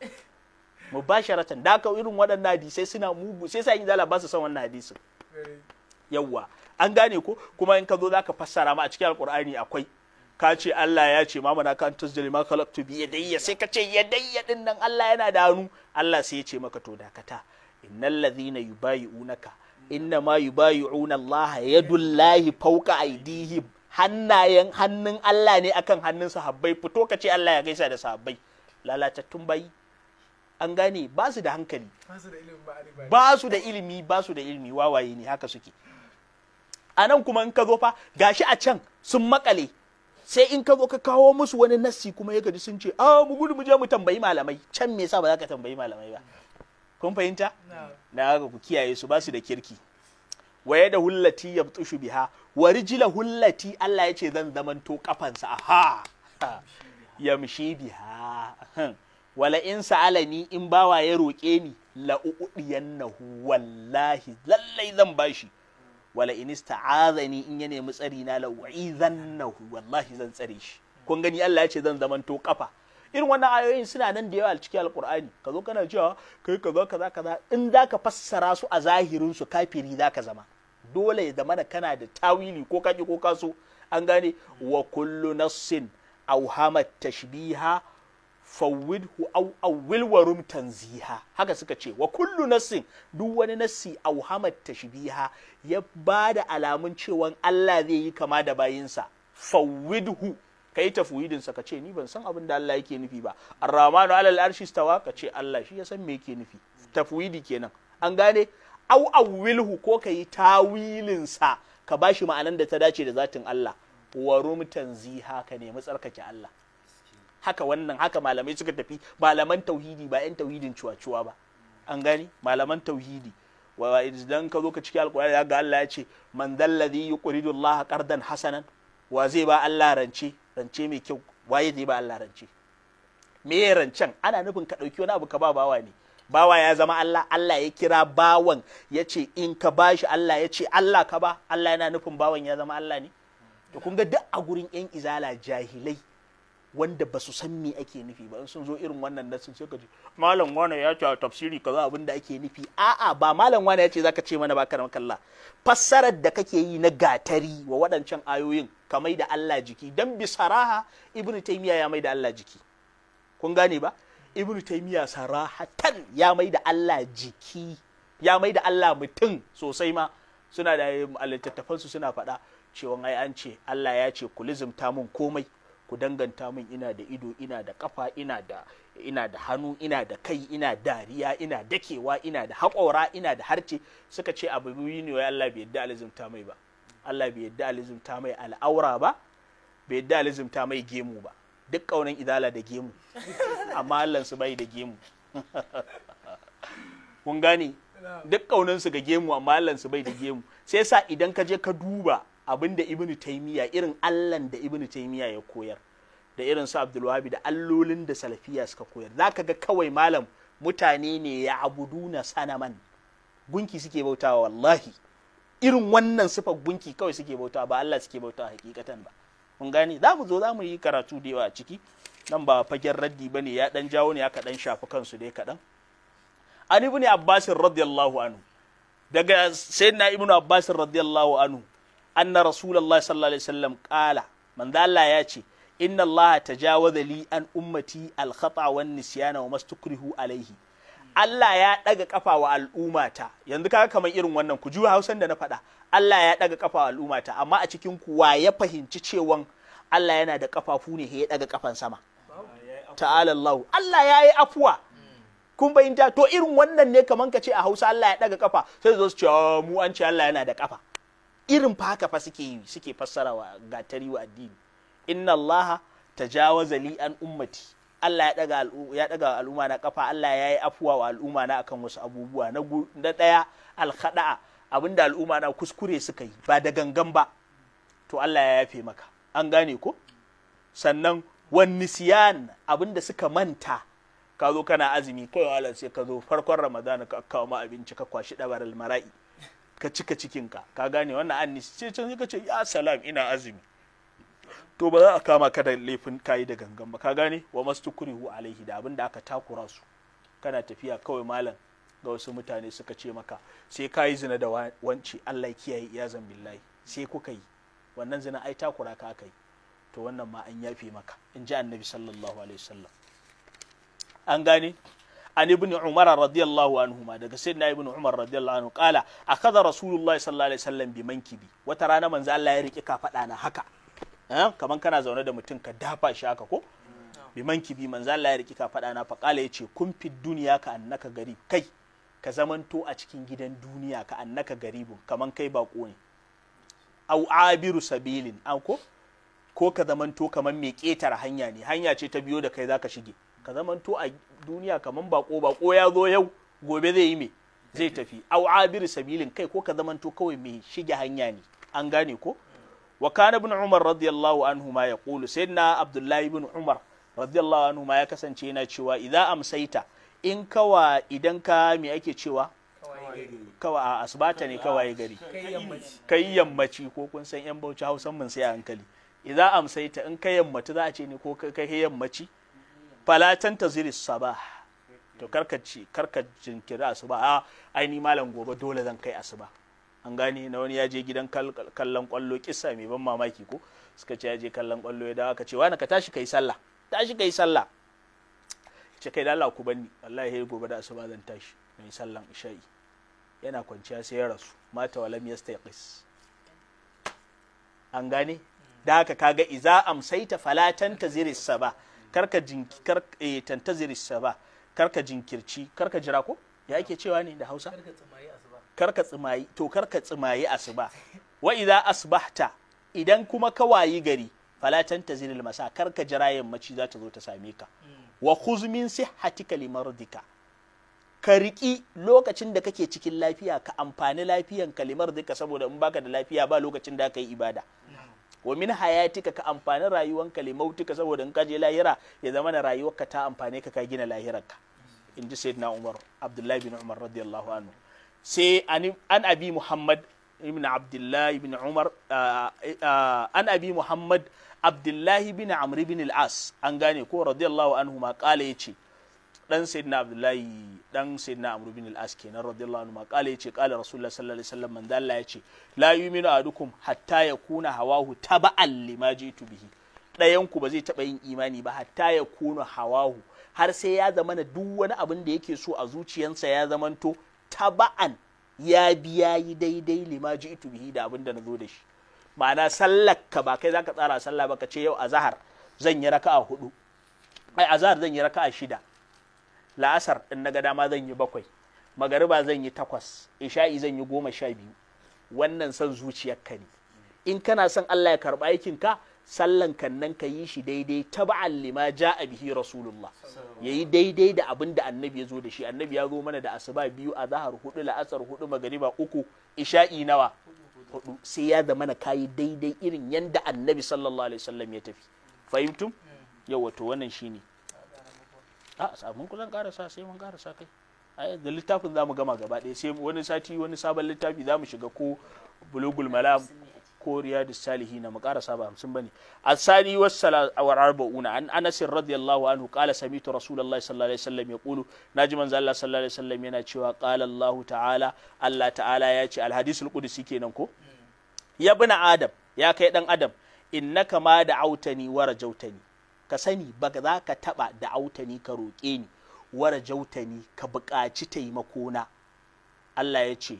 mu mubasharatan da ka irin waɗannan hadisai suna mugu sai sai zala ba su son wannan hadisin yawwa an gane ko kuma in ka zo zaka fassara ma a cikin alqur'ani akwai ka ce Allah ya ce mama na kan tuzjil ma khalaqtu bi yadayya sai ka ce yadayya din nan Allah yana da hannu Allah sai ya ce maka to dakata innal ladhina yubayyi'unaka inna ma yubayi'una Allah dullahi fawqa aidihi hannayen hannun Allah ne akan hannun sahabbai fito ka ce Allah ya gaisa da sahabbai lalatattun bai. an gane ba su da hankali ba su da ilimi ba su da ilimi wawaye ne haka suke a nan kuma in ka zo fa gashi a can sun makale sai in ka zo ka kawo musu wani nassi kuma ya gaji sun ce a ah, mu gudu mu je mu tambayi malamai can me yasa ba za ka tambayi malamai ba kun fahimta na ga ku kiyaye su basu da kirki waye da hullati ya tushu biha wa rijila hullati Allah ya ce zan zamanto kafansa aha yamshi biha wala in sa'alani in bawa ya roƙe ni la uɗiyannahu wallahi lallai zan bashi wala in ista'azani in ya nemi tsari na la u'izannahu wallahi zan tsare shi kun gani Allah ya ce zan zamanto kafa irin wannan ayoyin suna nan da yawa a cikin alkur'ani ka zo kana cewa kai kaza kaza kaza in za ka fassara su a zahirin su kafiri za ka zama dole ya zama kana da tawili ko kaki ko kaso an gane wa kullu nassin aw hamat tashbiha fawwidhu aw awwil wa rum tanziha haka suka ce wa kullu nassin duk wani nassi aw hamat tashbiha ya bada alamun cewa Allah zai yi kama da bayinsa fawwidhu kai tafwidin sa kace ni ban san abin da Allah yake nufi ba ar-rahmanu alal arshi stawa kace Allah shi ya san me yake nufi tafwidi kenan an gane au awwilhu ko kai tawilin sa ka bashi ma'anan da ta dace da zatin Allah wa rum tanziha ka nemi tsarkake Allah haka wannan haka malamai suka tafi malaman tauhidi ba yan tauhidin cuwa-cuwa ba an gane malaman tauhidi wa idan ka zo ka ciki alkur'ani ga Allah ya ce man dalladhi yuqridu Allah qardan hasanan wa zai ba Allah rance rance mai kyau waye zai ba Allah rance me ya rancen ana nufin ka ɗauki wani abu ka ba bawa ne bawa ya zama Allah Allah ya kira bawan ya ce in ka bashi Allah ya ce Allah ka ba Allah yana nufin bawan ya zama Allah ne to kun ga duk a gurin yan izala jahilai wanda ba su san me ake nufi ba sun zo irin wannan sun sai ka ji malam wane ya ce a tafsiri kaza abin da ake nufi a'a ba malam wane ya ce zaka ce mana baka kalla fassarar da kake yi na gatari wa waɗancan ayoyin ka mai da Allah jiki dan bisaraha saraha ibnu taymiya ya mai da Allah jiki kun gane ba ibnu taymiya sarahatan ya mai da Allah jiki ya mai da Allah mutum sosai ma suna da littattafansu suna faɗa cewa ai an ce Allah ya ce kulizim ta mun komai ku danganta min ina da ido ina da kafa ina da ina da hannu ina da kai ina dariya ina dakewa ina da haƙora ina da harce suka ce abu biyu ne wai Allah bai yadda alizumta mai ba Allah bai yadda alizumta mai al'aura ba bai yadda alizumta mai gemu ba duk kaunan idala da gemu amma Allah su bai da gemu kun gane duk kaunan su ga gemu amma Allah su bai da gemu sai sa idan ka je ka duba abin da ibnu taimiyya irin allan da ibnu taimiyya ya koyar da irin su abdulwabi da allolin da salafiya suka koyar za ka ga kawai malam mutane ne ya na sanaman gunki suke bautawa wallahi irin wannan sifar gunki kawai suke bautawa ba Allah suke bautawa hakikatan ba mun gane za mu zo za mu yi karatu da yawa a ciki nan ba fagen raddi ba ne ya dan jawo ne ya kaɗan shafi kansu dai kaɗan an ibn Abbasin radiyallahu anhu daga sayyidina ibnu Abbasin radiyallahu anhu anna rasulullahi sallallahu alaihi wasallam qala manzo Allah ya ce inna Allah tajawaza li an ummati al khata wan nisyana wa mastukrihu alaihi Allah ya ɗaga kafa wa al'umata yanzu kaga kamar irin wannan ku juwa Hausan da na faɗa Allah ya ɗaga ƙafa wa al'ummata amma a cikin wa ya fahimci cewan Allah yana da kafafu ne ya daga kafan sama ta'ala Allah Allah ya yi afuwa kun bayyanta to irin wannan ne kamar ka ce a Hausa Allah ya daga kafa sai zo su ce ah, mu an ce Allah yana da kafa irin fa haka fa suke yi suke fassara wa gatari wa addini inna Allah tajawaza li an ummati Allah ya daga ya daga al'umma na kafa Allah ya yi afuwa wa al'umma na akan wasu abubuwa na na daya alkhada'a abinda al'umma na kuskure suka yi ba da gangan ba to Allah ya yafe maka an gane ko sannan wan nisyan abinda suka manta ka zo kana azumi kai Allah sai ka zo farkon ramadan ka kawo ma abinci ka kwashi dabaral mara'i ka cika cikinka ka gane wannan annis ce can ka ce ya salam ina azumi to ba za a kama ka da laifin kayi da gangan ba ka gane wa mastu kurihu alaihi da abin da aka takura su kana tafiya kawai malam ga wasu mutane suka ce maka sai ka yi zina da wanci Allah kiyaye zan billahi sai kuka yi wannan zina ai takura ka aka yi to wannan ma an yafe maka in ji annabi sallallahu alaihi wasallam an gane an ibn umar radiyallahu anhu ma daga sayyidina ibn umar radiyallahu anhu kala akhadha rasulullahi sallallahu alaihi wasallam bi mankibi wata rana manzo Allah ya rike kafada na haka kaman kana zaune da mutum ka dafa shi haka ko bi mankibi manzo Allah ya rike kafada na fa kala yace kun fi duniya ka annaka gari kai ka zamanto a cikin gidan duniya ka annaka gari garibun kaman kai ba ne au abiru sabilin an ko ko ka zamanto kaman me ketar hanya ne hanya ce ta biyo da kai zaka shige ka zamanto a duniya kaman bako bako ya zo yau gobe zai yi me zai tafi au abir sabilin kai ko ka zamanto kawai mai shige hanya ne an gane ko wa kana ibn umar radiyallahu anhu ma yaqulu sayyidina abdullahi ibn umar radiyallahu anhu ma ya kasance yana cewa idza amsaita in kawa idan ka me ake cewa kawa a asbata ne ya gari kai yammaci ko kun san yan bauchi hausan mun sai a hankali idza amsaita in ka yammaci za a ce ne ko kai yammaci falatan ziri sabah to karkaci karka jinkiri asuba a aini malam gobe dole zan kai asuba an gane na wani ya je gidan kallon kwallo kissa mai ban mamaki ko suka ce ya je kallon kwallo ya dawo ka ce wani ka tashi kai sallah tashi kai sallah ce kai da Allah ku banni wallahi gobe da asuba zan tashi mai yi sallan isha'i yana kwanciya sai ya rasu mata walam yastaqis an gane da haka kaga iza amsaita falatan taziris sabah karka jinki kar eh tantazir saba karka jinkirci karka jira ko ya ake cewa ne da Hausa karka tsimayi asuba karka tsumayi to karka tsumayi asuba wa idza asbahta idan kuma ka wayi gari fala tantazir almasa karka jira yammaci za ta zo ta same ka hmm. wa khuz min sihhatika limardika ka riƙi lokacin da kake cikin lafiya ka amfani lafiyan kalimar duka saboda in baka da lafiya ba lokacin da aka yi ibada hmm. wa min hayatika ka amfani rayuwanka limautika saboda in ka je lahira ya zama na rayuwarka ta amfane ka ka gina lahirarka in ji sayyidina umar abdullahi bin umar radiyallahu anhu sai an abi muhammad ibn abdullahi bin umar an abi muhammad abdullahi bin amr ibn al-as an gane ko radiyallahu anhu ma kala yace dan sayyidina abdullahi dan sayyidina amr bin al-as kenan radiyallahu anhu yace qala rasulullahi sallallahu alaihi wasallam man dalla yace la yu'minu adukum hatta yakuna hawahu taba'an lima jitu bihi dayan ku ba zai taba yin imani ba hatta yakuna hawahu har sai ya zama na duk wani abin da yake so a zuciyarsa ya zamanto taba'an ya biya yi daidai lima jitu bihi da abin da nazo da shi ma'ana sallar ka ba kai zaka tsara sallah ba ka ce yau azhar zan yi raka'a hudu ai azhar zan yi raka'a shida la'asar in na ga dama zan yi bakwai magariba zan yi takwas isha'i zan yi goma sha biyu wannan son zuciyarka ne in kana son Allah ya karba ka sallan kan nan ka yi shi daidai ta ba'an lima ja a bihi rasulullah yi daidai da abin da annabi ya zo da shi annabi ya zo mana da asuba biyu a zahar hudu la'asar hudu magariba uku isha'i nawa hudu sai ya zama na kayi daidai irin yanda annabi sallallahu alaihi wasallam ya tafi fahimtum yau wato wannan shine a mun kusan karasa sai mun karasa kai ai da littafin zamu gama gaba ɗaya sai wani sati wani sabon littafi zamu shiga ko bulugul malam ko riyadus na mu karasa ba hamsin bane asani wassala awar arba'una an anas radiyallahu anhu qala samitu rasulullahi sallallahu alaihi wasallam yaqulu naji manzo Allah sallallahu alaihi wasallam yana cewa qala Allah ta'ala Allah ta'ala ya ce alhadisul qudsi kenan ko ya bina adam ya kai dan adam innaka ma da'autani wa rajautani ka sani ba za ka taɓa da autani ka roƙe ni wara jautani ka buƙaci taimako na. Allah ya ce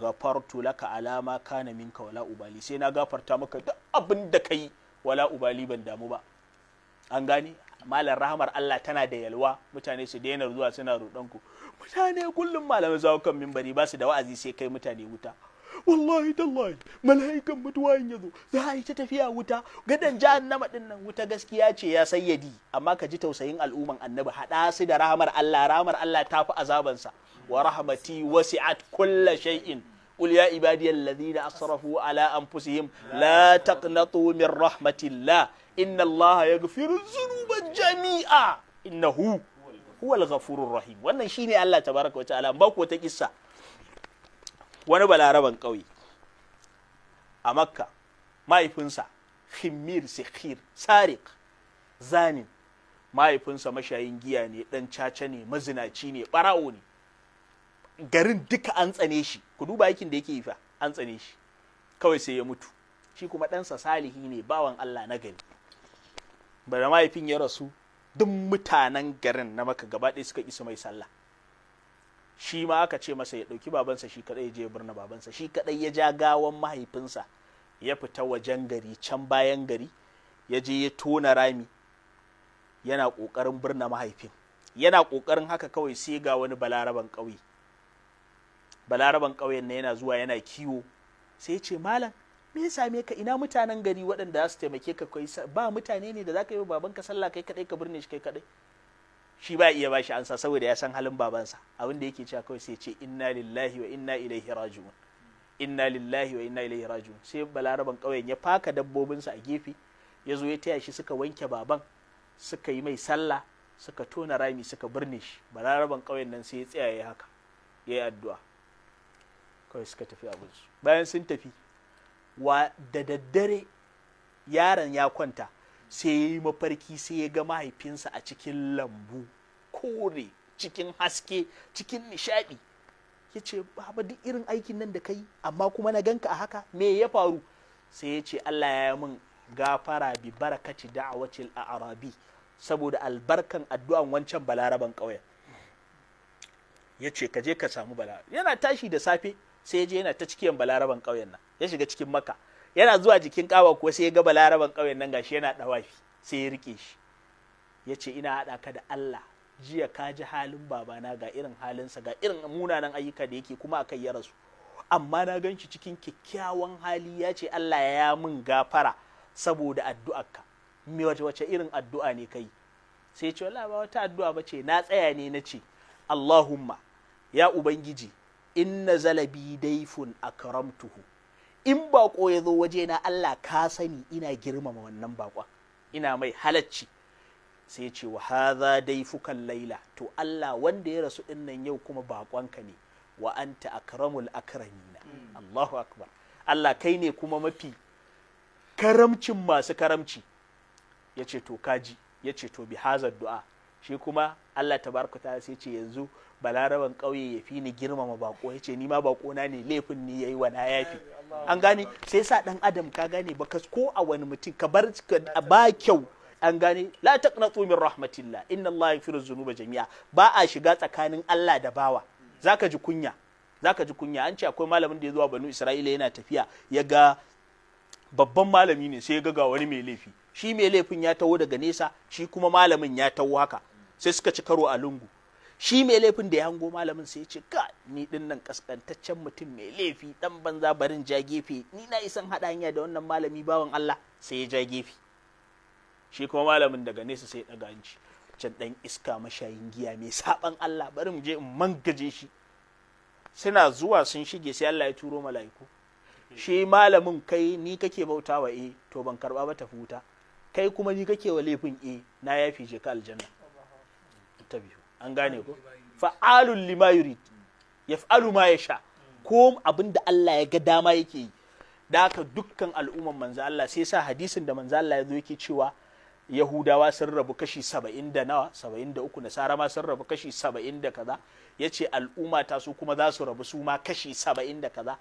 gafartu laka alama kana minka wala ubali sai na gafarta maka duk abin da kai wala ubali ban damu ba an gane malar rahamar Allah tana da yalwa mutane su daina zuwa suna roɗon ku mutane kullum malamai zawo kan minbari ba su da wa'azi sai kai mutane wuta wallahi tallahi mala'ikan mutuwayin ya zo za a yi ta tafiya wuta gadan jahannama din nan wuta gaskiya ce ya sayyadi amma ka ji tausayin al'umman annabi hada su da rahamar Allah rahamar Allah ta fi azabansa wa rahmati wasi'at kulla shay'in قل يا عبادي الذين أسرفوا على أنفسهم لا تقنطوا من رحمة الله إن الله يغفر الذنوب جميعا إنه هو الغفور الرحيم وأنا شيني الله تبارك وتعالى مبوك وتكسى wani balaraban ƙauye a makka mahaifinsa Himir sikhir Sariq zanin mahaifinsa mashayin giya ne ɗan caca ne mazinaci ne ɓarao ne garin duka an tsane shi ku duba aikin da yake yi fa an tsane shi kawai sai ya mutu shi kuma ɗansa salihi ne bawan allah na gari bada mahaifin ya rasu duk mutanen garin na maka gaba ɗaya suka isa mai sallah shi ma aka ce masa ya ɗauki babansa shi kaɗai ya je ya birna babansa shi kaɗai ya ja gawan mahaifinsa ya fita wajen gari can bayan gari ya je ya tona rami yana ƙoƙarin birna mahaifin yana ƙoƙarin haka kawai sai ga wani balaraban ƙauye balaraban ƙauyen na yana zuwa yana kiwo sai ya ce malam me ya same ka ina mutanen gari waɗanda za su taimake ka kai ba mutane ne da za ka yi babanka sallah kai kaɗai ka birne shi kai kaɗai shi ba iya bashi ansa saboda ya san halin babansa abin da yake cewa kawai sai ce inna lillahi wa inna ilaihi raji'un inna lillahi wa inna ilaihi raji'un sai balaraban ƙauyen ya faka dabbobinsa a gefe ya zo ya taya shi suka wanke baban suka yi mai sallah suka tona rami suka birne shi balaraban ƙauyen nan sai ya tsaya ya haka ya yi addu'a kawai suka tafi abinsu bayan sun tafi wa da daddare yaron ya kwanta sai ya yi mafarki sai ya ga mahaifinsa a cikin lambu kore cikin haske cikin nishadi. ya ce baba duk irin aikin nan da kai amma kuma na ganka a haka me ya faru sai ya ce Allah ya min gafara bi barakati da'awatil arabi saboda albarkan addu'an wancan balaraban ƙauyen ya ce ka je ka samu balaraban yana tashi da safe sai ya je yana ta cikin balaraban ƙauyen nan ya shiga cikin maka yana zuwa jikin kawa kuwa sai ya ga balaraban ƙauyen nan gashi yana dawafi sai ya rike shi ya ce ina haɗa ka da Allah jiya ka ji halin babana ga irin halinsa ga irin munanan ayyuka da yake kuma akai ya rasu amma na gan shi cikin kyakkyawan hali ya ce Allah ya min gafara saboda addu'arka me wace wace irin addu'a ne kai sai ce wallahi ba wata addu'a ba ce na tsaya ne na ce Allahumma ya ubangiji inna zalabi daifun akramtuhu in bako ya zo waje na Allah ka sani ina girmama wannan bakon ina mai halacci sai ya ce wa hadha dai fukan laila to Allah wanda ya rasu dinnan yau kuma bakonka ne wa anta akramul akramina hmm. Allahu akbar Allah kai ne kuma mafi karamcin masu karamci ya ce to kaji ya to bi hazar du'a shi kuma Allah tabaraka ta sai ce yanzu balaraban ƙauye ya fi ni girmama bako ya ce ni ma bako na ne laifin ni yayi wa na yafi an gane sai sa dan adam ka gane baka ko a wani mutum ka bar ka ba kyau an gane la taqnatu min rahmatillah inna allaha yaghfiru dhunuba jami'a ba a shiga tsakanin Allah da bawa zaka ji kunya zaka ji kunya an ce akwai malamin da ya zuwa banu isra'ila yana tafiya ya ga babban malami ne sai ya ga ga wani mai laifi shi mai laifin ya taho daga nesa shi kuma malamin ya taho haka sai suka ci karo a lungu shi mai laifin da ya hango malamin sai ce ka ni din nan kaskantaccen mutum mai laifi dan banza barin ja gefe ni na isan hada hanya da wannan malami bawan Allah sai ya ja gefe shi kuma malamin daga nesa sai ya daga hanci can dan iska mashayin giya mai saban Allah bari mu je in mangaje shi suna zuwa sun shige sai Allah ya turo mala'iku shi malamin kai ni kake bauta wa eh to ban karba ba tafi wuta kai kuma ni kake wa laifin eh na yafi je ka aljanna ta biyu an gane ko fa'alun lima ya fa'alu ma ya sha ko abin da Allah ya ga dama yake yi da haka dukkan al'umman manzo Allah sai sa hadisin da manzo Allah ya zo yake cewa Yahudawa sun rabu kashi saba'in da nawa saba'in da uku Nasara ma sun rabu kashi saba'in da kaza ya ce al'umma ta su kuma za su rabu su ma kashi saba'in da kaza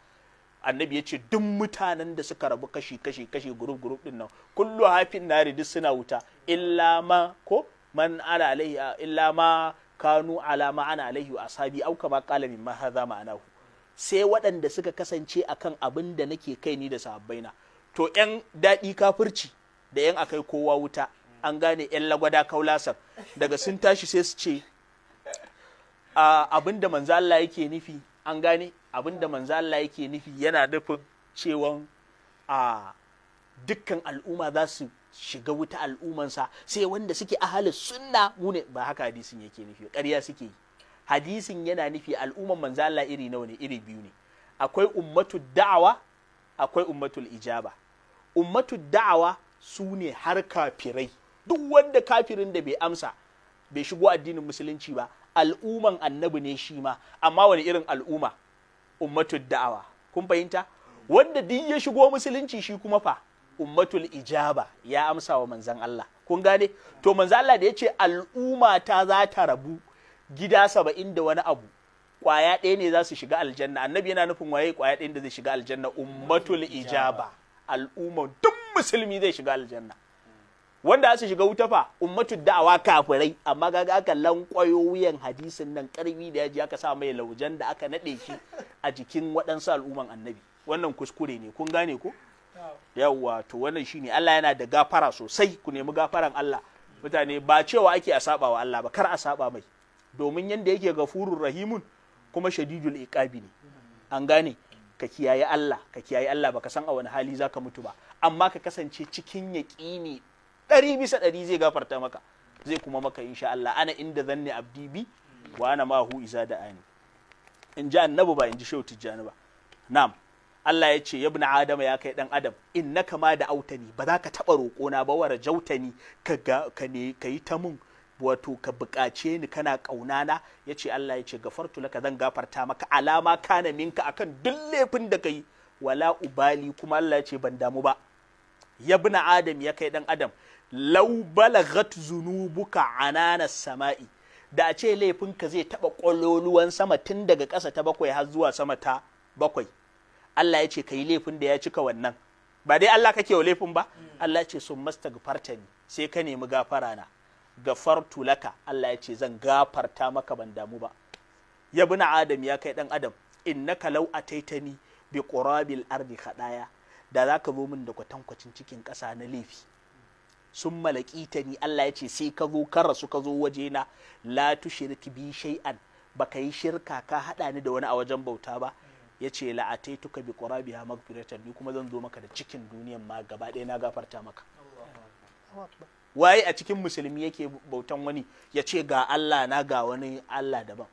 annabi ya ce duk mutanen da suka rabu kashi kashi kashi gurup gurup din nan kullu hafin nari duk suna wuta illa ma ko man ala alaihi illa ma kanu ala ma'ana alaihi wa ashabi au kama qala min hadha ma'anahu sai waɗanda suka kasance akan abin da nake kai ni da sahabbaina to yan daɗi kafirci da yan akai kowa wuta an gane yan lagwada kaulasar daga sun tashi sai su ce abin da manzo Allah yake nufi an gane abin da manzo Allah yake nufi yana nufin cewa a dukkan al'umma za su shiga wuta al'umansa sai wanda suke ahalin sunna mu ba haka hadisin yake nufi ƙarya suke yi hadisin yana nufi al'umman manzo Allah iri nawa ne iri biyu ne akwai ummatu da'awa akwai ummatul ijaba ummatu da'awa su ne har kafirai duk wanda kafirin da bai amsa bai shigo addinin musulunci ba al'umman annabi ne shi ma amma wani irin al'umma ummatu da'awa kun fahimta wanda duk ya shigo musulunci shi kuma fa ummatul ijaba ya amsa wa manzan Allah kun gane to manzan Allah da ya ce al'umma ta za ta rabu gida saba'in da wani abu kwaya ɗaya ne za su shiga aljanna annabi yana nufin waye kwaya ɗaya da zai shiga aljanna ummatul ijaba al'umma duk musulmi zai shiga aljanna wanda su shiga wuta fa ummatul da'awa kafirai amma kaga aka lankwayo wuyan hadisin nan karbi da yaji aka sa mai laujan da aka nade shi a jikin waɗansu al'umman annabi wannan kuskure ne kun gane ko yawwa to wannan shine Allah yana da gafara sosai ku nemi gafaran Allah mutane ba cewa ake a saba wa Allah ba kar a saba mai domin yanda yake gafurur rahimun kuma shadidul iqabi ne an gane ka kiyaye Allah ka kiyaye Allah baka san a wani hali zaka mutu ba amma ka kasance cikin yaqini ɗari bisa ɗari zai gafarta maka zai kuma maka insha Allah ana inda zanne abdi bi wa ana ma hu iza da ani in ji annabi ba in ji shautu tijjani ba na'am Allah ya ce yabna adama ya kai dan adam in na kama da autani ba za ka taɓa na ba wara jautani ka ka yi ta mun wato ka buƙace ni kana ƙaunana na yace Allah ya ce gafartu laka zan gafarta maka alama kana minka akan duk laifin da ka wala ubali kuma Allah ya ce ban damu ba yabna adam ya kai dan adam lau balagat zunubuka anana sama'i da a ce laifinka zai taɓa ƙwaloluwan sama tun daga ƙasa ta bakwai har zuwa sama ta bakwai Allah ya ce ka yi laifin da ya cika wannan ba dai Allah kake wa laifin ba mm. Allah ya ce sun ni. sai ka nemi gafara na gafartu laka Allah ya ce zan gafarta maka ban damu ba ya bi adam ya kai dan adam In innaka law ataitani bi qurabil ardi khadaya da zaka zo min da kwatankwacin cikin ƙasa na laifi sun malaki ta ni Allah ya ce sai ka zo ka rasu ka zo waje na la tushrik bi shay'an baka yi shirka ka haɗa ni da wani a wajen bauta ba ya ce la'atai tuka bi qurabiha magfiratan ni kuma zan zo maka da cikin duniyan ma gaba ɗaya na gafarta maka waye a cikin musulmi yake bautan wani ya ce ga Allah na ga wani Allah daban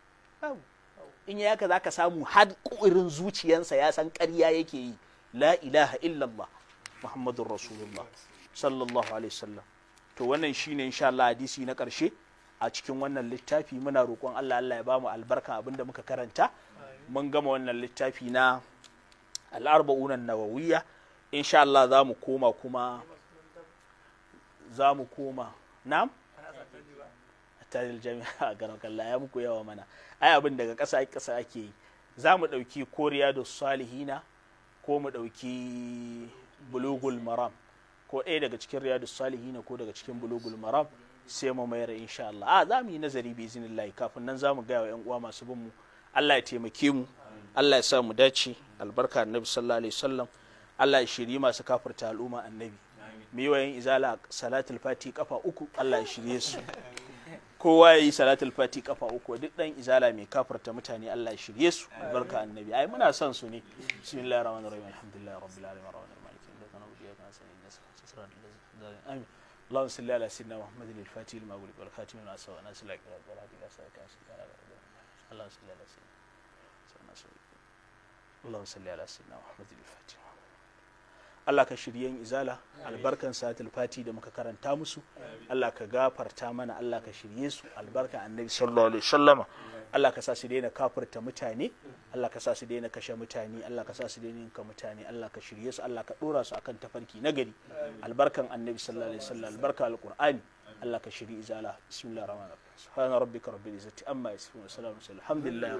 in ya yaka zaka samu har ƙurin zuciyansa ya san ƙarya yake yi la ilaha illallah muhammadur rasulullah sallallahu alaihi wasallam to wannan shine insha Allah hadisi na ƙarshe a cikin wannan littafi muna roƙon Allah Allah ya bamu albarka abinda muka karanta mun gama wannan littafi na al'arba'unan nawawiya insha Allah za mu koma kuma za mu koma na'am taril jami'a a kalla ya muku yawa mana ai abin daga ƙasa ƙasa ake yi za mu ɗauki koriya da salihina ko mu ɗauki bulugul maram ko ɗaya daga cikin riyadu salihina ko daga cikin bulugul maram sai mu mayar insha Allah a za mu yi nazari bi izinin kafin nan za mu gaya wa 'yan uwa masu bin mu Allah ya taimake mu Allah ya sa mu dace albarka annabi sallallahu alaihi wasallam Allah ya shiri masu kafirta al'umma annabi miwayin izala salatul fati kafa uku Allah ya shirye su kowa ya yi salatul fati kafa uku duk dan izala mai kafarta mutane Allah ya shirye su albarka annabi ai muna son su ne bismillahir rahmanir rahim alhamdulillahi rabbil alamin arrahmanir rahim maliki yawmiddin nabiyyi sanin nas sirran lazim amin اللهم صل على سيدنا محمد الفاتح لما أغلق والخاتم لما سبق ناصر لك رب العالمين اللهم صل على سيدنا اللهم صل على سيدنا محمد الفاتح Allah ka shirye izala albarkan satul fati da muka karanta musu Allah ka gafarta mana Allah ka shirye su albarkan annabi sallallahu alaihi wasallama Allah ka sa su daina kafirta mutane Allah ka sa su daina kashe mutane Allah ka sa su daina yinka mutane Allah ka shirye su Allah ka dora su akan tafarki na gari albarkan annabi sallallahu alaihi wasallam albarkan alqur'ani Allah ka shirye izala bismillahir rahmanir subhana rabbika rabbil izzati amma yasifun wa salamun alhamdulillah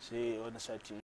sai wani sati